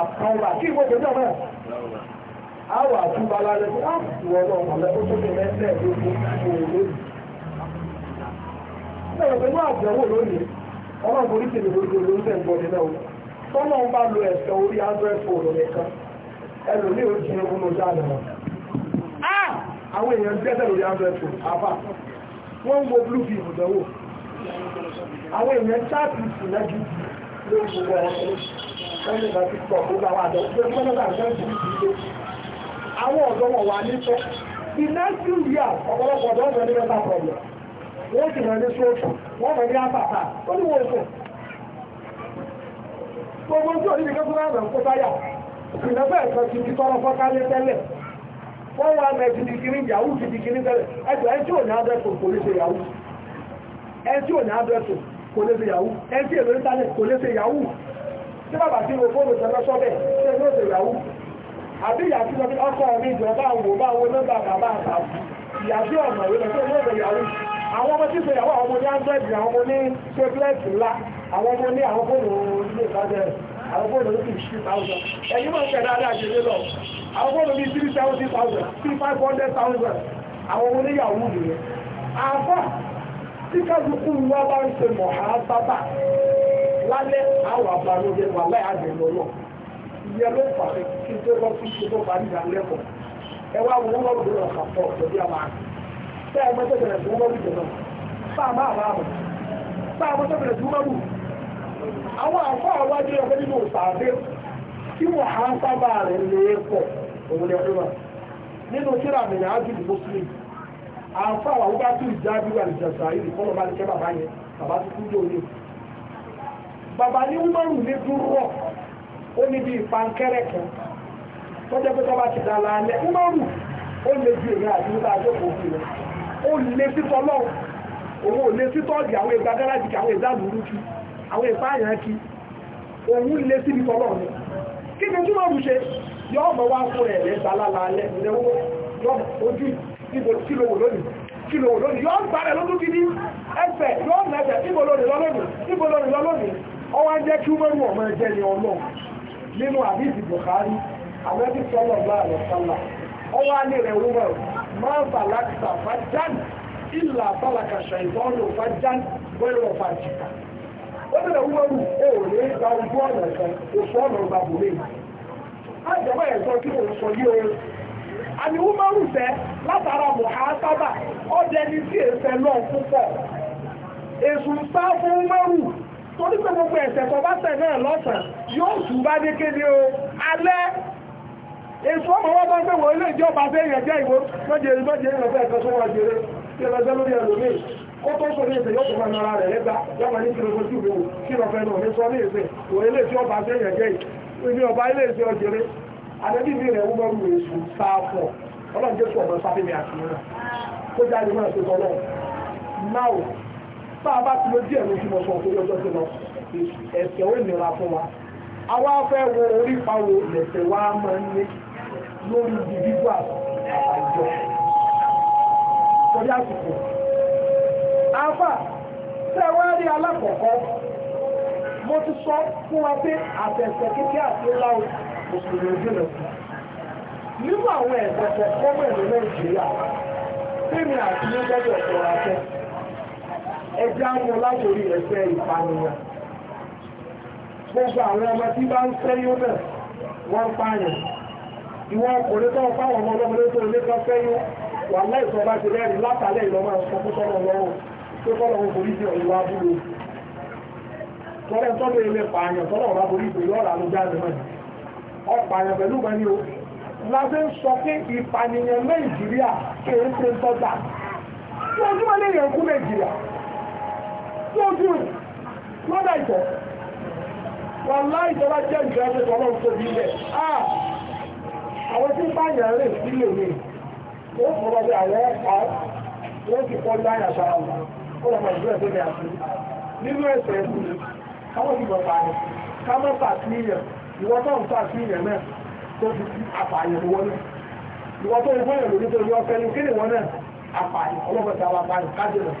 àtàwọ̀bà kí mo àwọ̀ àtúbalá rẹ̀ fún àtúwọ̀ náà ọ̀lẹ́ tó tóbi rẹ̀ lẹ́ẹ̀dógún kò lónìí. Bẹ́ẹ̀ pẹ̀lú àbẹ̀wò lónìí, ọlọ́run orí tèmi gbogbo ló ń tẹ̀ ń bọ̀ nínú ọ̀hún. Tọ́lọ́ ń bá lo ẹ̀sẹ̀ orí Android phone nìkan, ẹlòmíì ó jí egun lójú àná wọn. Àwọn èèyàn ń gbẹ́sẹ̀ lórí Android phone, àbá. Wọ́n ń wo blue film ìdánwò. Àwọn èèyàn ṣáàtì ìsìnlẹ̀ ju lórí gbogbo ọ̀hún. Wọ́n ní ìgbà tí pọ̀ gbogbo àwọn àdánwò àwọn ọ̀dọ́ wọn wà nítọ́ the next few years ọ̀pọ̀lọpọ̀ ọ̀dọ́ ọ̀dọ́ ní mental problem wọ́n sì rẹ̀ ní sóòtù wọ́n rẹ̀ ní àpàtà ó ní wọ́n sùn gbogbo tí òní nìkan fún àwọn ẹ̀kọ́ táyà ìrẹ́fẹ́ ẹ̀kọ́ ti di tọrọ fọ́kálé tẹ́lẹ̀ wọ́n wá mẹ́ ti di kiri yahoo ti di kiri tẹ́lẹ̀ ẹjọ́ ẹ ò ní adẹ́sùn kò lè ṣe yahoo ẹ ò ní adẹ́sùn kò lè ṣe yahoo ẹ tí èrò ìtàlẹ̀ kò lè ṣe yahoo tí àbí ìyàtí lọ bí ọkọ mi jọ wò bá wo nọ́mbà bàbá àtàwọn ìyàtí ọ̀nà ìlọ tó ìyàwó àwọn ọmọ tí ìṣòyàwó àwọn ọmọ ní android àwọn ọmọ ní tablet ńlá àwọn ọmọ ní àwọn fóònù ilé ìbàdàn àwọn fóònù ní tìrì ẹ̀yìn máa ń ìyẹn ló pàṣẹ kí n tó lọ sí ṣe tó parí ẹ wá wọn lọ́wọ́ lórí ọ̀kà pọ̀ lórí àwọn àti tẹ́ ẹ mọ́tò bẹ̀rẹ̀ sí wọ́n lùdẹ̀ náà bá a máa máa mọ̀ bẹ̀rẹ̀ wọ́n àwọn àwájú nínú ìpàdé tí wọ́n á sábà rẹ̀ pọ̀ òun nínú kíra àmìyàn ájú sílẹ̀ ó níbi ìpankẹ́rẹ́ kan tó jẹ́ pé tó bá ti dà lálẹ́ ó máa rù ó lè ju èmi àti nípa àjọpọ̀ òfin lọ ó lè títọ́ lọ́wọ́ òun ò lè títọ́ ọ̀dì àwọn ìgbà gáràjì kí àwọn ìgbà lùrù kí àwọn ìfá àyàn kí òun lè síbi tọ́lọ̀ ní kí ni túnmọ̀ rú ṣe yọ́ mọ̀ wá fún rẹ̀ rẹ̀ sàlálà alẹ́ ìrẹ̀wó ojú ìbò kílòwò lónìí kílòwò lónìí yọ́ gbà rẹ̀ lójú gidi ẹsẹ̀ yọ́ mẹ́fẹ̀ ìbò lónìí lọ́lọ́nìí ọwá jẹ́ kí ó mẹ́rù ọmọ ẹ̀jẹ̀ ni ọlọ́run nínú àdìsí Bukhari àwẹ́bí sọ́lọ̀ bá rẹ̀ sọ́lá ọwọ́ alẹ́ rẹ̀ wúwẹ̀ máa bà lákìtà fàján ìlà fàlàkàṣà ìtọ́nù fàján wẹ́rọ fàjìkà ó bẹ̀rẹ̀ wúwẹ̀ wù ó lè gba ojú ọ̀nà kan oṣù ọ̀nà ọba bùrẹ̀ àjẹmọ́ fẹ́ látara mùhásábà ọdẹni èsùn sá fún mọ́rù torí pé gbogbo ẹ̀ṣẹ̀ kan bá ṣẹ̀ náà lọ́sàn yóò tún bá ní kéde o alẹ́ èso ọmọ wọn bá ń pè wọ ilé ìjọba fẹ́ yẹn jẹ́ ìwọ mọ́jẹ mọ́jẹ ìrọ̀fẹ́ ẹ̀kan tó wọ́n jẹrẹ kí ẹ lọ́jọ́ lórí ẹlòmíì kó tó sọ ní èsè yóò tún máa nara rẹ̀ lẹ́gbà yọmọ ní kìlọ̀ fojú mi wò kí lọ́fẹ́ náà ní sọ ní èsè wọ ilé ìjọba fẹ́ yẹn jẹ́ ìwọ ọba ilé ìsè ọjẹrẹ àdẹ́bí mi rẹ̀ wúgbọ́ rú èsù sáfọ̀ ọlọ́run jésù ọmọ sábẹ́ mi àti bá a bá ti lo díẹ̀ lójú mọ̀ sọ̀rọ̀ torí ọjọ́ ti lọ ẹ̀sẹ̀ ó nira fún wa àwa fẹ́ wo orí pa wo lẹ̀sẹ̀ wa máa ń ní lórí ìdíbò àtàjọ torí àsìkò àfà tẹ́ wá rí alákọ̀ọ́kọ́ mo ti sọ fún wa pé àtẹ̀sẹ̀ kékeré àti ńlá o òṣèlú ojú rẹ̀ fún nínú àwọn ẹ̀sẹ̀ kọ́mọ̀ ìlú Nàìjíríà tèmi àti ní gbọ́dọ̀ sọ̀rọ̀ afẹ́ ẹjá ń wọn látòrí ẹ̀fẹ́ ìpànìyàn gbogbo àwọn ọmọ tí bá ń fẹ́yún náà wọ́n pààyàn ìwọ ọkùnrin tó fáwọn ọmọ ọlọ́mọdé tó lé kan fẹ́yún wà láìsọ bá ti rẹ́rìn látàlẹ́ ìlọ́mọ sọ fún sọ́nà lọ́wọ́ tó kọ́nà wọn borí jọ ìwà abúlé tọ́lẹ̀ tọ́lẹ̀ ilé pààyàn tọ́lọ̀ ọ̀rọ̀ borí jọ ìlọ́ra ló já ní mọ́ni ọ̀pààyàn pẹ̀lú mọ́ni o láti ń sọ pé ìpànìyàn Nàìjíríà kì í ṣe tọ́jà tí ojú ọlẹ́yìn ẹ̀kú Nàìjíríà so good lọ́dà ìtọ̀ wà láì tọ́lá jẹ́ ìgbẹ́jẹ́ tọ́lọ́ tó ilẹ̀ ah àwọn tí pààyàn rẹ̀ sílẹ̀ rẹ̀ ó fọ́nà bí àwọn ẹ̀ka wọ́n ti kọ́ láyà sára wọn ó lọ́mọ ìlú ẹ̀fẹ́ ní àti nínú ẹ̀sẹ̀ ẹ̀kú ni káwọn ti bọ̀ pààyàn ká mọ́ pàṣíyàn ìwọ́n tó ń tó fi àpààyàn wọn náà ìwọ́n tó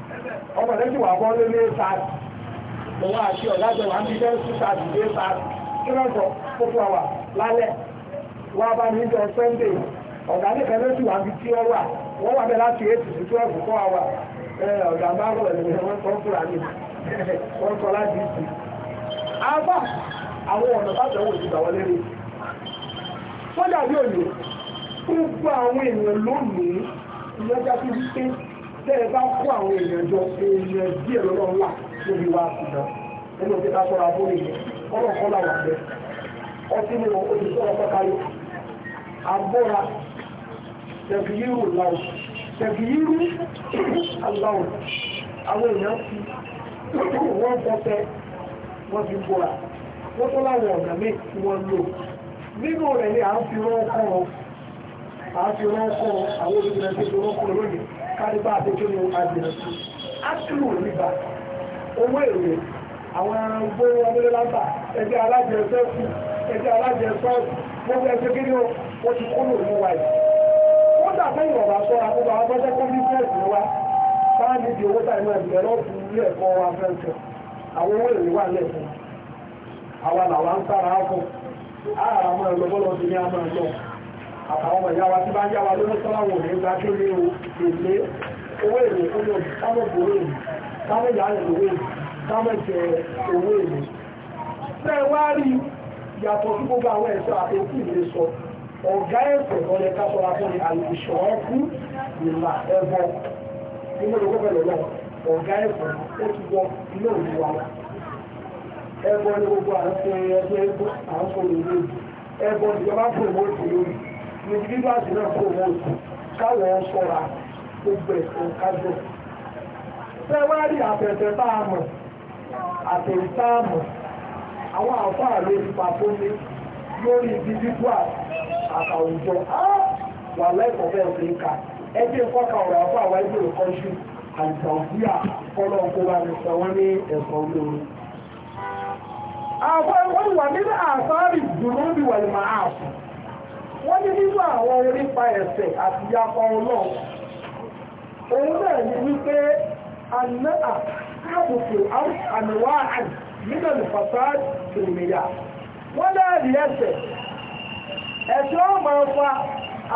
ọmọ rẹ̀ sì wà bọ́ lórí sáàtì òun àti ọ̀dájọ́ wà ń bí jẹ́sí sáàtì dé sáàtì kí ló sọ tó fún lálẹ́ wà bá mi jọ sunday ọ̀gá nìkan ló sì wà ń bí tí ó wà wọ́n wà bẹ́ẹ̀ láti eight to twelve four hour ọ̀gá bá rọ̀ ẹ̀ wọ́n kọ́ fúra wọ́n kọ́ láti ìsìn bẹ́ẹ̀ bá kó àwọn èèyàn jọ èèyàn díẹ̀ lọ́nà ńlá lórí wa ṣùgbọ́n nínú ti ká sọ́ra fún èèyàn ọlọ́run kọ́ làwọn àgbẹ̀ ọtí nínú oṣù sọ́ra pẹ́káyé agbóra tẹ̀fìyírù làwọn tẹ̀fìyírù aláwọ̀ àwọn èèyàn fi wọ́n bọ́tẹ́ wọ́n fi bóra wọ́n tó láwọn ọ̀nà míì tí wọ́n lò nínú rẹ̀ ni à ń fi rán kọ́ à ń fi rán kọ́ àwọn olùdíje tó rán kọ́ lónìí kárípá àtẹ́jọ́ ní àjìnà sí áṣìlù rìbá owó èrè àwọn ẹran gbówó ọmọdélábà ẹgbẹ́ alájẹsẹ́kù ẹgbẹ́ alájẹsẹ́kù gbogbo ẹgbẹ́ kí wọ́n ti kó lòun wa yìí wọ́n dàbẹ́ ìrọ̀bà sọ́ra àtàwọn ọmọ tí bá ń lórí sọ́láwọ̀ ní ìgbà tó lé owó èrè fún lòdì kámọ̀ bòrò èlé kámọ̀ ìyá rẹ̀ lówó èlé kámọ̀ owó èlé fẹ́ wá rí yàtọ̀ sí gbogbo àwọn ẹ̀sọ́ àtẹ́kù ìlé sọ ọ̀gá ẹ̀sẹ̀ lọ́lẹ̀ ká sọ́ra fún ni àlùṣọ́ ọkú ìlà ẹbọ nínú ìlú pẹ̀lú lọ ọ̀gá ẹ̀sẹ̀ ó ti wọ ilé ní bíbáàsì náà kó owó oṣù káwọn sọ́ra gbogbo ẹ̀sùn kájọ. fẹ́wárì àtẹ̀tẹ̀ tá a mọ̀ àtẹ̀yí tá a mọ̀ àwọn àfáà lórí pàtóní lórí individual àtàwùjọ wà lẹ́kọ̀ọ́ bẹ́ẹ̀ ṣe ń ka ẹgbẹ́ ìfọ́ka ọ̀rọ̀ àfáà wáyé ìkọ́ṣù àìsànfíà fọ́lọ́ kó bá ní sọ wọ́n ní ẹ̀sọ́ olóoru. àwọn ìwọ̀n wà nínú àṣà ìdùnnú ìwà ìmọ̀ ààfù wọ́n ní nínú àwọn onípa ẹ̀sẹ̀ àti yapa ọlọ́run òun náà ní wípé àná àkàbùkù àmìwá àti nínú ìfàsáàdì tìrìmìyà wọ́n láàrí ẹ̀sẹ̀ ẹ̀sẹ̀ ó máa fa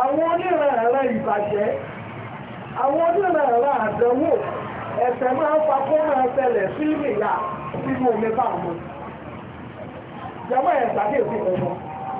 àwọn oníran ẹ̀rọ ìbàjẹ́ àwọn oníran ẹ̀rọ àdánwò ẹ̀sẹ̀ máa fa kó máa tẹlẹ̀ sí ìrìnà sínú omi báwọn jẹ́wọ́ ẹ̀sà dé ìfẹ́ ọ̀gbọ́n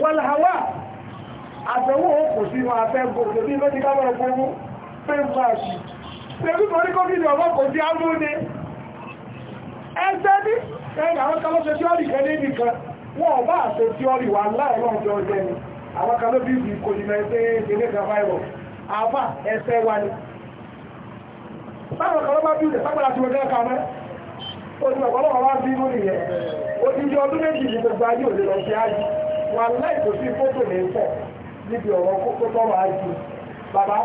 wọ́láwà àtẹ̀wò kò sí wọn afẹ́ gbogbo bí mẹ́tí káwọn gbogbo pé ń bá ṣì pẹ̀lú torí kọ́kílì ọmọ kò sí ámú ní ẹgbẹ́ ní ẹgbẹ́ àwọn kan ló ṣe tíọ́rì kan níbi kan wọ́n ọba àṣẹ tíọ́rì wà láàrín ọjọ́ ọjọ́ ni àwọn kan ló bí ibi kò jìnà ẹgbẹ́ ìdílé kan fáìrọ̀ àbá ẹsẹ̀ wa ni báwọn kan ló bá bí ìdẹ̀ sápẹ́lá ti wà láì kò sí fótó ní ìfọ̀ níbi ọ̀rọ̀ kókó tọrọ àjù bàbá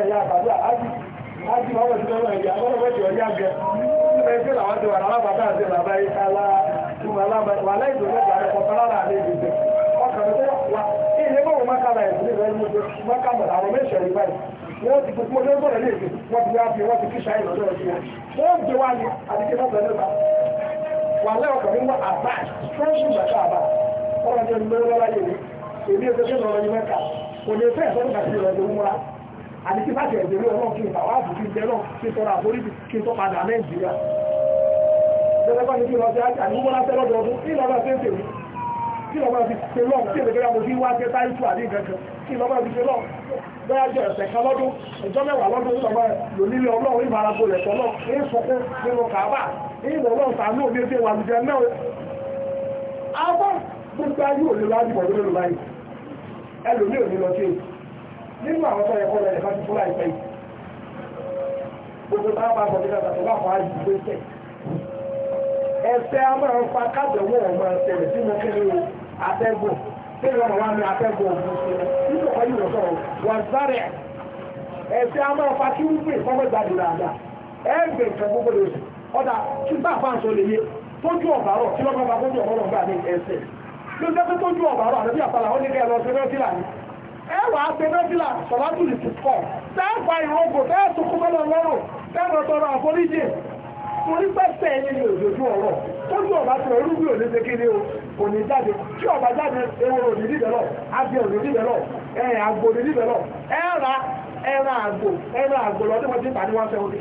ẹ̀yà bàbá àjù àjù ọmọ ìṣẹ́ ọmọ ìyá ọmọ ìwé ìjọ yá gẹ ẹ ṣe làwọn ti wà lára àti bàbá yìí kálá kò sí ìgbà rẹ̀ kọ̀ọ̀kan lára ọkàn wọ́n ti gbogbo ọjọ́ wọ́n ti wá wọ́n ti wọ́n wá ní ọ̀rọ̀ lọ́wọ́ yẹn ni èmi ò tẹ́lẹ̀ lọ́wọ́ mẹ́ta kò lè fẹ́ ìfọ́nù kàtí ìrọ̀ ẹ̀dùn àti kí bá tẹ̀ ẹ̀dùn kí n tàwa àbù kí n tẹ́ náà kí n tọ́ra àforíjì kí n tọ́ padà Nàìjíríà bẹ́ẹ̀ ní kí lọ́ọ́ ti àdúgbò lọ́dọọdún kí lọ́ọ́ bá fi wá kí gbogbo ayé òní láti bọ̀ lórí láì ẹlòmí òní lọ sí nínú àwọn tó yẹ kọ́ lẹ́yìn láti fún láìpẹ́ yìí gbogbo tá a bá sọ nígbà tó bá fọ àyè ìgbé tẹ̀ ẹsẹ̀ a máa ń fa ọmọ ẹsẹ̀lẹ̀ tí mo kéré o atẹ́gùn tí ìlú ọmọ wa ní atẹ́gùn ndị ṣe nínú ọ̀pọ̀ yìí lọ́sọ̀ wà zárẹ̀ ẹsẹ̀ a kí wípé ìfọ́gbẹ́ jáde lójẹ́ tó jú ọ̀bàrọ̀ àrẹ́bí àpàlà ó ní kẹ́ lọ sí rẹ́fìlà ní ẹwà àti rẹ́fìlà sọ̀rọ̀tù lè tukọ̀ tẹ́ẹ̀fà ìrógò tẹ́ẹ̀tù kúmọ́lọ̀ lọ́rùn tẹ́ẹ̀rọ tọrọ àforíjì torí pẹ́sẹ̀ ẹni ní òjòjú ọ̀rọ̀ tó jú ọ̀bà tó rú bí òní kékeré o kò ní jáde tí ọ̀bà jáde ehoro òní níbẹ̀lọ̀ abẹ òní níbẹ̀lọ̀ ẹ̀yìn àgbò òní níbẹ̀lọ̀ ẹ̀ra ẹ̀ra àgbò ẹ̀ra àgbò lọ́dún wọn ti ń pàdé one seventy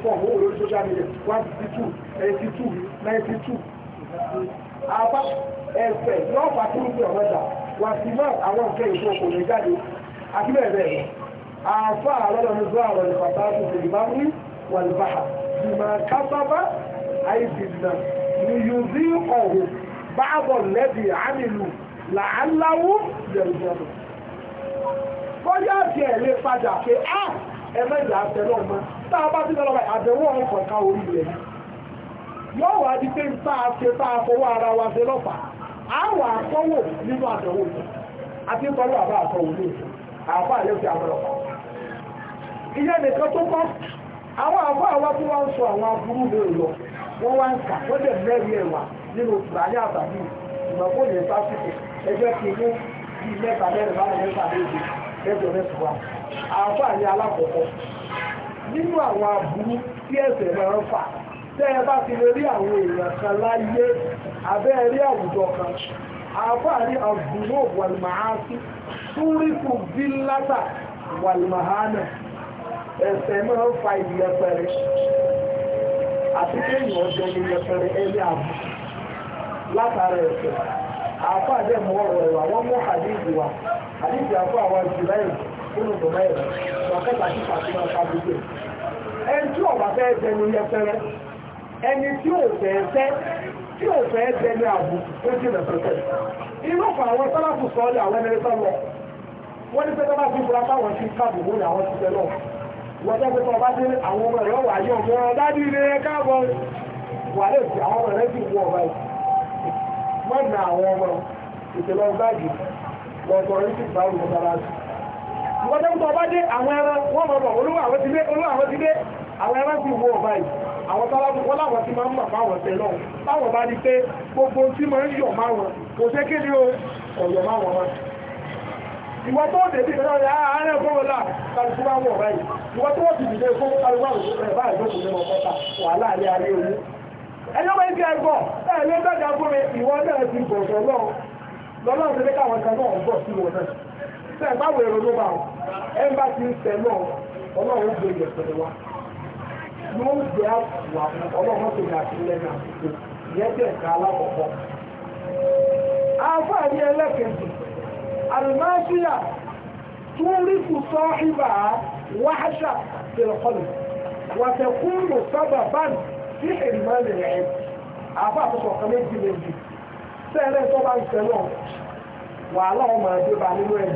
ẹ̀fẹ̀ yóò fà kí ní ọ̀rọ̀ dà wà sí náà àwọn nǹkan èso kò lè jáde àti bẹ́ẹ̀ bẹ́ẹ̀ lọ. àáfà àlọ́dọ̀ ní zuwa àwọn ìfàtà tó ti bá ní wàlúbàhà ìmọ̀ kásábà yóò wá di pé ń tá ṣe tá fọwọ́ ara wa ṣe lọ́pàá àwọ̀ àtọ́wò nínú àtọ́wò àti tọ́wọ́ àbá àtọ́wò ní àbá àlẹ́fẹ́ àmọ́lọ́pàá ìyẹn nìkan tó kọ́ àwọn àbá àwọn tó wá ń sọ àwọn aburú lè lọ wọ́n wá ń kà wọ́n dẹ̀ mẹ́rin ẹ̀wà nínú ìgbàlẹ́ àbàbí ìgbàgbọ́ lè sásìkò ẹgbẹ́ ti mú mẹ́ta mẹ́rin bá tẹ́ bá ti lè rí àwọn èèyàn kan láyé abẹ́ rí àwùjọ kan àfáàrí àbúrò wàlùmáàsí túrífù bílátà wàlùmáhánà ẹ̀sẹ̀ máa fa ìyẹpẹrẹ àti kéèyàn ọjọ́ ìyẹpẹrẹ ẹni àbù látara ẹ̀sẹ̀ àfáàdé mọ ẹ̀wà wọ́n mú àdéhùn wa àdéhùn nínú sí pàṣẹ náà tí ẹni tí ò fẹ́ fẹ́ tí ò fẹ́ jẹni àbù tó jìnà pẹ̀pẹ̀ inú fún àwọn sálábù sọ́ọ́lì àwọn ẹni tó lọ wọ́n ní pẹ́tẹ́ bá fi fura sí káàbùkù ní àwọn tìtẹ́ náà wọ́n jẹ́ pẹ́tẹ́ ọba dé àwọn ọmọ ẹ̀rọ wà yọ̀ mọ́ dádì ilé káàbọ̀ wà lè fi àwọn ọmọ rẹ̀ sì wọ ọba yìí wọ́n na àwọn ọmọ ìtẹ̀lọ́ báàgì lọ́tọ̀ọ́ ìwọ́jọ́ ń ọba bá dé àwọn ẹran wọ́n mọ̀ bọ̀ ti dé olówó àwọn ti dé àwọn ẹran sì wọ ọ̀bá yìí àwọn tọ́lábù wọ́n láwọn ti máa ń mọ̀ fáwọn tẹ̀ bá pé gbogbo tí ma ń yọ̀ máwọn kò sé kí ni ó ọ̀yọ̀ máwọn wọn ìwọ tó dèbí ìfẹ́ lọ́rẹ̀ àárẹ̀ ah, fọ́wọ́ là kálukú bá báyìí ìwọ tó wọ́n ti dìde ṣe ìbáwọ̀ ẹ̀rọ ló bá wọn ẹ̀ bá ti ń tẹ̀ náà ọlọ́run gbé yẹ̀ wa yóò gbé àwà ọlọ́run tó ní àtúnlẹ̀ ní àtúntò jẹ́ ẹ̀ka alákọ̀ọ́kọ́. ẹlẹ́kẹ̀ẹ́sì tún rí wáṣà sábà sí àtúntò méjì méjì tó bá ń tẹ̀ náà wàhálà ọmọ nínú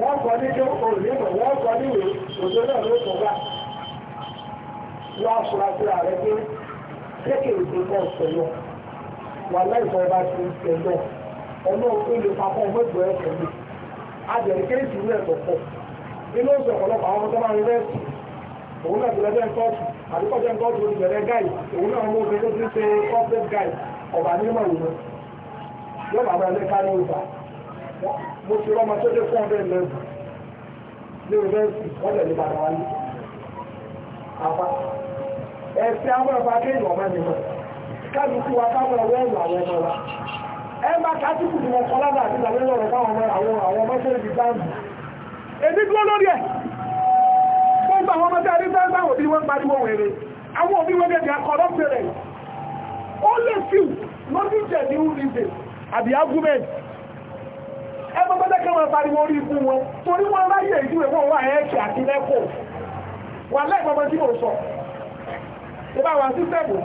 wọ́n kọ ní tó òrìlẹ́mọ̀ wọ́n kọ níwèé òjò náà ló kọ bá wọ́n afurasí ààrẹ pé kékeré tó kọ́ ọ̀sẹ̀lọ wà láìsọ ọba tó ń tẹ̀lọ ọmọ olè papọ̀ mọ́tò ẹ̀ pẹ̀lú àjẹ̀rẹ̀ kéèsì rẹ̀ tọ̀pọ̀ inú oṣù ọ̀pọ̀lọpọ̀ àwọn tó máa ń rẹ̀ sí òun náà tẹ̀lẹ́ bẹ́ẹ̀ tọ́ọ̀tù àdúgbò jẹ́ olùbẹ̀rẹ̀ gáì òun náà mú obìnrin tó ti ṣe corporate guy ọ̀bà nímọ̀ òun yóò bàbá ẹlẹ́ka ní ọba mo ti rọ́mọ tó dé fún ọdún ẹ̀lẹ́bù ní yunifásitì ọ̀lẹ̀ ní bàbá wáyé àbá ẹ̀sìn àwọn ọba kéèyàn ọmọ mi mọ̀ kálukú wa káwọn ọwọ́ ẹ̀rù àwọn ọmọ wa ẹ má kátìkù tí wọn kọ́ lábà àti ìdàlẹ́ lọ́rọ̀ fáwọn àwọn àwọn ọmọ tó di báńkì èmi dúró lórí ẹ̀ gbogbo àwọn ọmọdé àríwá báwọn òbí wọn pariwo wèrè àwọn òbí wọn dẹ̀dẹ̀ akọ̀rọ̀ fẹ̀rẹ̀ ó lè fi lọ́dún jẹ̀ ní reason àbí argument ẹgbẹ́ pẹ́lẹ́ kí wọ́n pariwo orí ikú wọn torí wọ́n ráyè ìjú ẹ̀wọ̀n wà ẹ́ẹ̀kì àti lẹ́kọ̀ọ́ wà lẹ́gbọ́n tí mo sọ ìbá wà sí sẹ́bù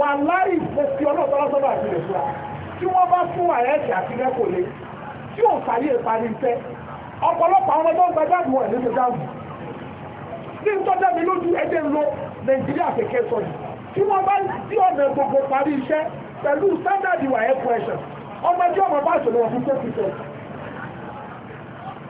wà láì mo fi ọlọ́ọ̀tọ́lọ́sọ́bà àti rẹ̀ fúra tí wọ́n bá fún wà ẹ́ẹ̀kì àti lẹ́kọ̀ọ́ lé tí ò sàyè parí iṣẹ́ ọ̀pọ̀lọpọ̀ àwọn ọmọ ọgbà jáàbù wọn ní ṣẹ́jáàbù ní ń tọ́já mi lójú ẹgbẹ́ lọ nàìjíríà kẹ̀kẹ́ sọ yìí tí wọ́n bá tí ọ̀nà gbogbo parí iṣẹ́ pẹ̀lú standard wà ẹ́ ọmọ ẹjọ́ ọmọ bá ṣòro wọn fún 10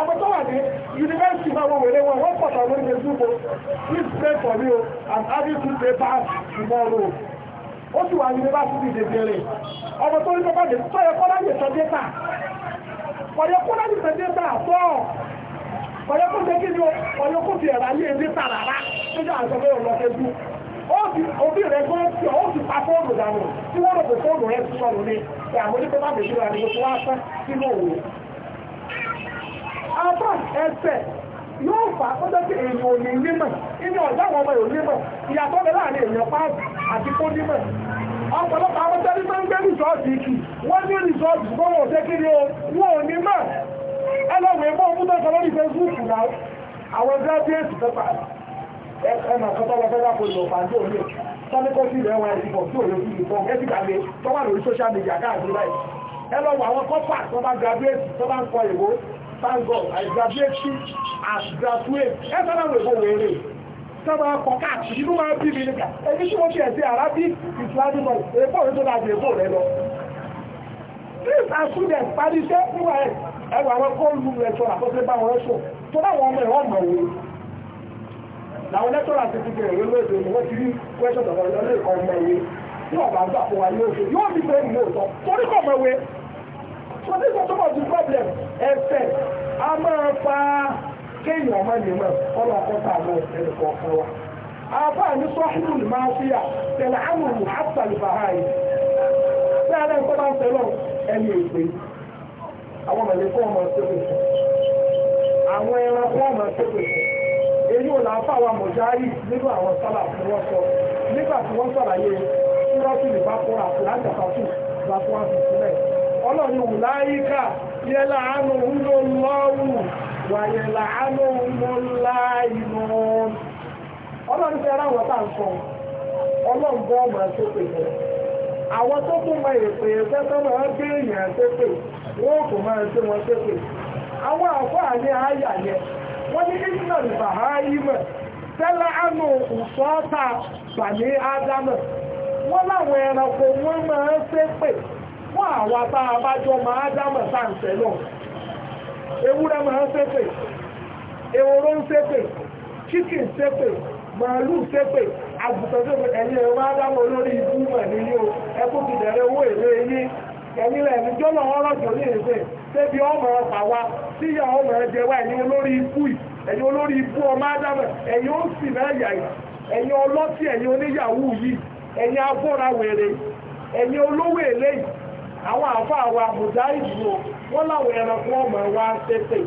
ọmọ tó wà ní yunifásitì náà wọ́n wèrè wọn wọ́n please pray for me o oh, i'm having two papers tomorrow ó sì wà yunifásitì dèbèrè ọmọ tó ní kọ́kọ́ dé tó yẹ kọ́lá yẹ sọ dẹ́ta kọ̀yẹ kọ́lá yẹ sọ kó kí ni o kọ̀yẹ kó fi ẹ̀rọ rárá bẹ́ẹ̀ òbí rẹ̀ gbọ́n pa fóònù dànù tí wọ́n rò pé fóònù rẹ̀ ti apá ẹsẹ̀ yóò fà á kọjá sí èèyàn ò ọzọ nímọ̀ inú ọ̀dá àwọn ọmọ èèyàn nímọ̀ ìyàtọ̀ bẹ láàrin èèyàn páàkì àti kó nímọ̀ ọ̀pọ̀lọpọ̀ àwọn tẹ́lí máa ń gbé rìsọ́ọ̀tì ìkì wọ́n ní rìsọ́ọ̀tì ṣùgbọ́n wọn ò kí ni o wọn ò mọ̀ ẹlọ́wọ̀ ẹgbọ́ lórí náà àwọn thank God I graduated as graduate ẹ sábà wò ó wéré sábà kọ káàkiri inú máa bí mi nígbà ẹbí tí wọ́n ti ẹ̀ sí Arabic Islamic law èkó rẹ tó dáa ju èkó rẹ lọ. Please as students parí iṣẹ́ fún ẹ ẹwà àwọn kọ́ọ̀lù rẹ̀ tó àkọsílẹ̀ bá wọn sùn tó bá wọn ọmọ ẹ̀ wọ́n mọ̀ wọ́n. làwọn lẹ́tọ́rà ti ti bẹ̀rẹ̀ lóde òní wọ́n ti rí kwẹ́sọ̀tọ̀ ọ̀rọ̀ lọ́lẹ́ ìkọ́ ọmọ ẹ̀wé tí ọ̀bà ń gbà fún wa yóò ṣe yóò fi bẹ́ẹ̀ mú òótọ́ torí kọ̀ ọmọ ẹ̀wé so this was some of the problem ẹ̀fẹ̀ a máa fa kéèyàn ọmọ nìmọ̀ ọlọ́ àkọ́ta àmọ́ ẹnì kọ̀ọ̀kan wa àbá ní sọ́ọ̀hìnù ní máa fi à a náà ń tọ́ba ń tẹ̀lọ́ ẹni èpè àwọn mẹ̀lẹ́kọ́ ọmọ ṣépè fún àwọn ẹranko ọmọ ṣépè èyí ò láǹfà wa mọ̀jáárì nínú àwọn sálà tí wọ́n sọ nígbà tí sàlàyé lè bá ọlọ́ni wùláyíká yẹlá àánú ńlọ lọ́wù wà yẹlá àánú ńlọ láìnú ọlọ́ni fẹ́ ráwọ̀ tá à ń sọ ọmọ tó pè àwọn tó tún èpè tó máa gbé èèyàn tó pè wọ́n kò máa ṣe wọn tó pè àwọn àfáà ní àyà yẹn wọ́n ní tẹ́lá wọ́n láwọn ẹranko wọ́n máa ń fún àwa tá a bá jọ máa dámọ̀ sáǹsẹ̀ lọ ewúrẹ́ máa ń ṣépè ehoro ń ṣépè chicken ṣépè màálù ṣépè àgùntàn ṣépè ẹ̀yin ẹ̀rọ máa dámọ̀ lórí ibú mọ̀ nílé o ẹkún ti bẹ̀rẹ̀ owó èlé yín ẹ̀yin lẹ́nu jọ́nà ọ̀rọ̀ jọ ní ìṣe ṣébi ọmọ ọ̀pá wa tíyà ọmọ ẹ̀jẹ̀ wa ẹ̀yin olórí ibú ẹ̀yin olórí ibú ọmọ ádámọ̀ ẹ̀yin ó sì náà yà ẹ̀yin ọlọ́tí ẹ̀yin oníyàwó yìí ẹ̀yin afọ́ra wèrè ẹ̀yin olówó èlé yìí àwọn àfọ àwọn àbùdá ìdúró wọn láwọn ẹranko ọmọ wa tètè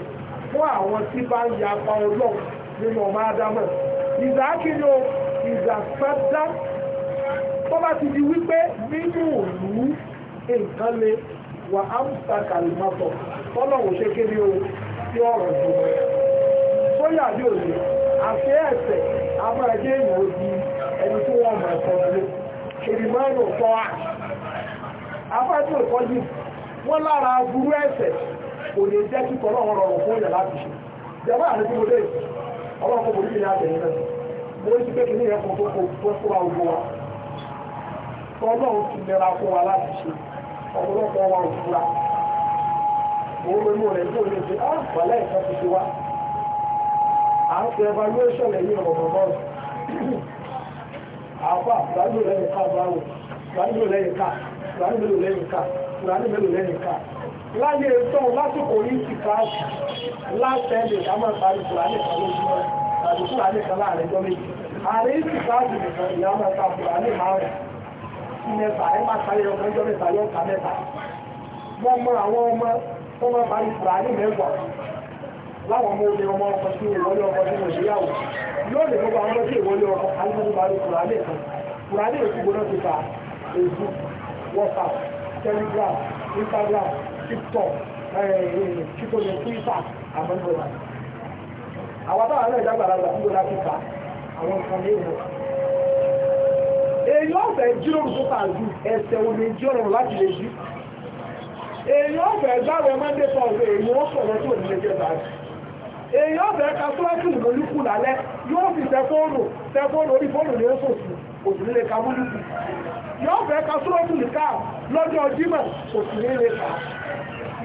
fún àwọn tí bá ń ya apá ọlọ́run nínú ọmọ ádámọ̀ ìzà kíni o ìzà pẹ́dá tó bá ti di wípé nínú òlú nǹkan le wà á ń ta kàlùmọ́tò tọ́lọ́run ṣe kéde o sí ọ̀rọ̀ ìjọba sóyà bí òye àṣẹ ẹ̀sẹ̀ a máa dé ìwòsí ẹni tí wọ́n mọ̀ ẹ̀kọ́ lé kìrìmọ́nù tọ́ àṣì afájú ẹ̀kọ́ yìí wọ́n lára burú ẹ̀ṣẹ̀ kò lè jẹ́ kíkọ́ ọlọ́run rọrùn fún ìyàn láti ṣe ìjọba àrùn tí mo dé ọlọ́run kò bòlíì ní àtẹ̀yìn náà mo ti pé kí ní ẹ̀kọ́ tó kó tó kó wa gbogbo wa ọlọ́run ti nira fún wa láti ṣe ọ̀pọ̀lọpọ̀ wa ò fura mo ń ronú rẹ̀ nígbò lè ṣe á wàlẹ́ ìkan ti ṣe wa à ń ṣe evaluation lẹ́yìn ọ̀rọ̀ bọ́ọ̀lù àwọn àgbájú rẹ̀ nìkan báwò àgbájú rẹ̀ nìkan kùránì mélòó lẹ́yìn ká kùránì mélòó lẹ́yìn ká láyé tán lásìkò yìí ti káàkì látẹ́lẹ̀ kámọ́ parí kùránì kan lójúmọ́ tàbí kùránì kan láàrin jọ méjì ààrẹ yìí ti káàkì nìkan ìyá máa ta kùránì márùn sí mẹ́ta ẹ máa parí ọkàn jọ mẹ́ta yọ ọ̀ka mẹ́ta wọ́n mọ àwọn ọmọ tó máa parí kùránì mẹ́wàá láwọn ọmọ obìnrin ọmọ ọkọ sí ìwọlé ọkọ sí ìwòsíyàwó yóò lè gbogbo àwọn ọmọ sí ìwọlé ọkọ alùpùpù parí kùránì kan kùránì èkúgbóná ti ta èkú WhatsApp Telegram Instagram TikTok eh, eh, kíkóni Twitter àwọn ìgbòlá àwọn táwọn náà ìdágbàlagbà ń gbòlá kíkà àwọn nǹkan ní ìwọ̀n èyí ọ̀fẹ́ jíròrò tó pàdù ẹsẹ̀ omi jíròrò láti lè jí èyí ọ̀fẹ́ gbáwẹ̀ mọ́ndé tọ́ọ̀fẹ́ èyí ó sọ̀rọ̀ tó ní ẹjẹ́ báyìí èyí ọ̀fẹ́ ka fúlákì ìmọ̀lúkù lálẹ́ yóò fi tẹfóònù tẹfóònù orí fóònù ní ó sòsù òsì nílé ka múlùkù yóò fẹ́ ka súrọ́tù nìka lọ́jọ́ jímọ̀ kò sì ní lè kà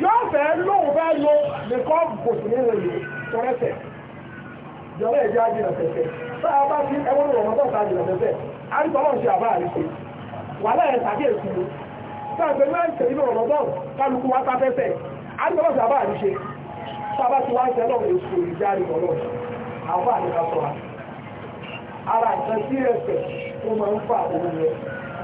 yóò fẹ́ lóun fẹ́ lo nìkan kò sì ní lè lò tọrẹsẹ̀ jọ̀wọ́ ẹ̀jẹ̀ ajínà tẹ̀tẹ̀ bá a bá fi ẹwọ́n rọ̀ mọ́tọ́ ta ajínà tẹ̀tẹ̀ àríkọ́ náà ṣe àbá àríkọ́ wàhálà ẹ̀ tàbí èsì ló sáàpẹ̀ náà ṣe nínú rọ̀mọ́tọ́ kálukú wa tafẹ́fẹ́ àríkọ́ náà ṣe àbá àríṣe sábà tí wọ́n ṣe náà èso ìjáde ọlọ́run àwọn àríkà sọ́ra ara ìtàn sí ẹ̀sẹ̀ tó máa ń fa òun rẹ̀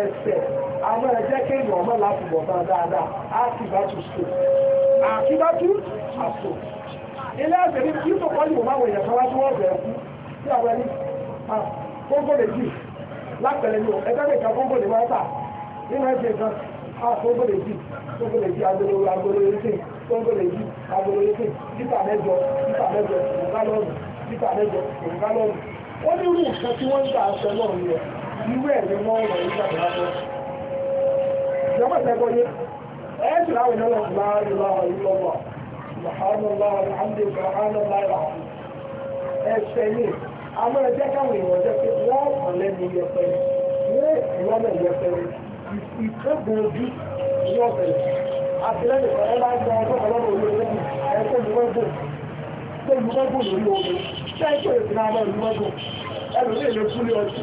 ẹsẹ̀ àwọn ẹ̀jẹ́ kéèyàn ọmọ láti bọ̀ bá dáadáa àkíbátú sọ àkíbátú àsọ ilé ẹ̀sẹ̀ ní kí tó kọ́ ìwọ̀n àwọn èèyàn kan wá tí wọ́n bẹ̀rẹ̀ kú sí àwọn ẹni kóńgò lè jì lápẹ̀lẹ̀ ní ẹgbẹ́ mi kan kóńgò lè máa tà nínú ẹ̀sẹ̀ kan kóńgò lè jì kóńgò lè jì agolo agolo ẹ̀sẹ̀ kóńgò lè jì agolo ẹ̀sẹ̀ títà mẹ́jọ títà mẹ́jọ òǹkálọ́ọ̀nù títà mẹ́jọ òǹkálọ́ọ̀nù ó ní irú nǹkan tí wọ́n ń gbà aṣọ náà yẹ irú ẹ̀ ni wọ́n rọ̀ nígbà tó lọ́wọ́. ìjọba ìṣẹ́gbọ́ yé ẹ̀ ṣì láwọn ìnáwó ọ̀gbà ìlà ìlọ́wọ́ mọ̀hánàlá àmdèkà ánàlá ìlàwọ̀ ẹ̀ṣẹ̀ ni àwọn ẹ̀jẹ̀ káwọn èèyàn jẹ́ pé wọ́n kàn lẹ́nu yẹpẹrẹ wọ́n ìrọ́nà yẹpẹrẹ ìkẹ́gun ojú wọ́n bẹ̀rẹ̀ àtìlẹ́yìn kan ẹ bá gba ọjọ́ ọlọ́run òwe lẹ́nu ẹ̀kọ́ ìlúwẹ́gùn tó ìlúwẹ́gùn lórí omi ṣé ẹ̀kọ́ ìsìn àwọn ìlúwẹ́gùn ẹlòmíì lè kú lé ọtí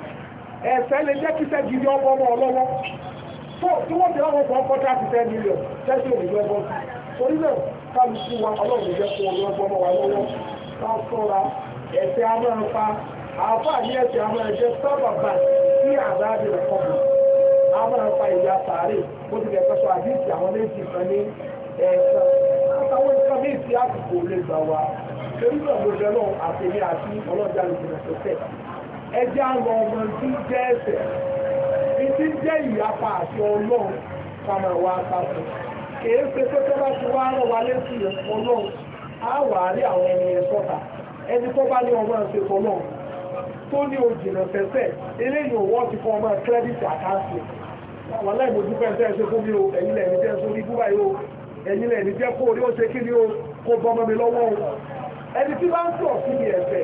ẹ̀fẹ́ lè jẹ́ kí sẹ́jì ní ọmọ ọmọ ọlọ́wọ́ tí wọ́n ti láwọn ọkọ̀ ọkọ̀ tàbí tẹ́ mílíọ̀n tẹ́sí òmìnir ọgbọ́ torí náà kálukú wa ọlọ́run jẹ́ fún ọmọ ọgbọ́n wa lọ́wọ́ ká sọ́ra ẹ̀ṣẹ̀ a máa pa àáfà ní ẹ̀ṣẹ̀ a máa jẹ́ sábàbà sí àdáàbì ọkọ̀bù a máa pa ìyá sàárè bó ti lẹ̀ pẹ́sọ àdíìsì àwọn méjì kan ní ẹ̀ẹ̀kan látàwọn nǹkan ní ìsí àsìkò lè gbà wá torí náà mo jẹ́ náà àtẹ̀mí àti ọlọ́jà lè ẹjẹ́ àwọn ọmọ tí ń jẹ́ ẹ̀ṣẹ̀ ìdí jẹ́ ìyapa àti ọlọ́run kàmà wá sáfù kìí ṣe pé tó bá ti wá rán wa létí ẹ̀kọ́ náà á wà á rí àwọn ẹni ẹ̀sọ́ta ẹni tó bá ní ọmọ ẹ̀ṣẹ̀kọ́ náà tó ní òjìnà fẹ́fẹ́ eléyìí òwò ti fọ ọmọ kírẹ́dìtì àkáǹtì wọn láì mojú pẹ́ ẹ̀ ṣe fún mi o ẹ̀yin lẹ́ni jẹ́ sórí búbá yìí o ẹ̀yin lẹ́ni jẹ́ kó orí ó ṣe kí ni o kó bọ́ ọmọ mi lọ́wọ́ o ẹni tí bá ń sọ̀ sí mi ẹ̀fẹ́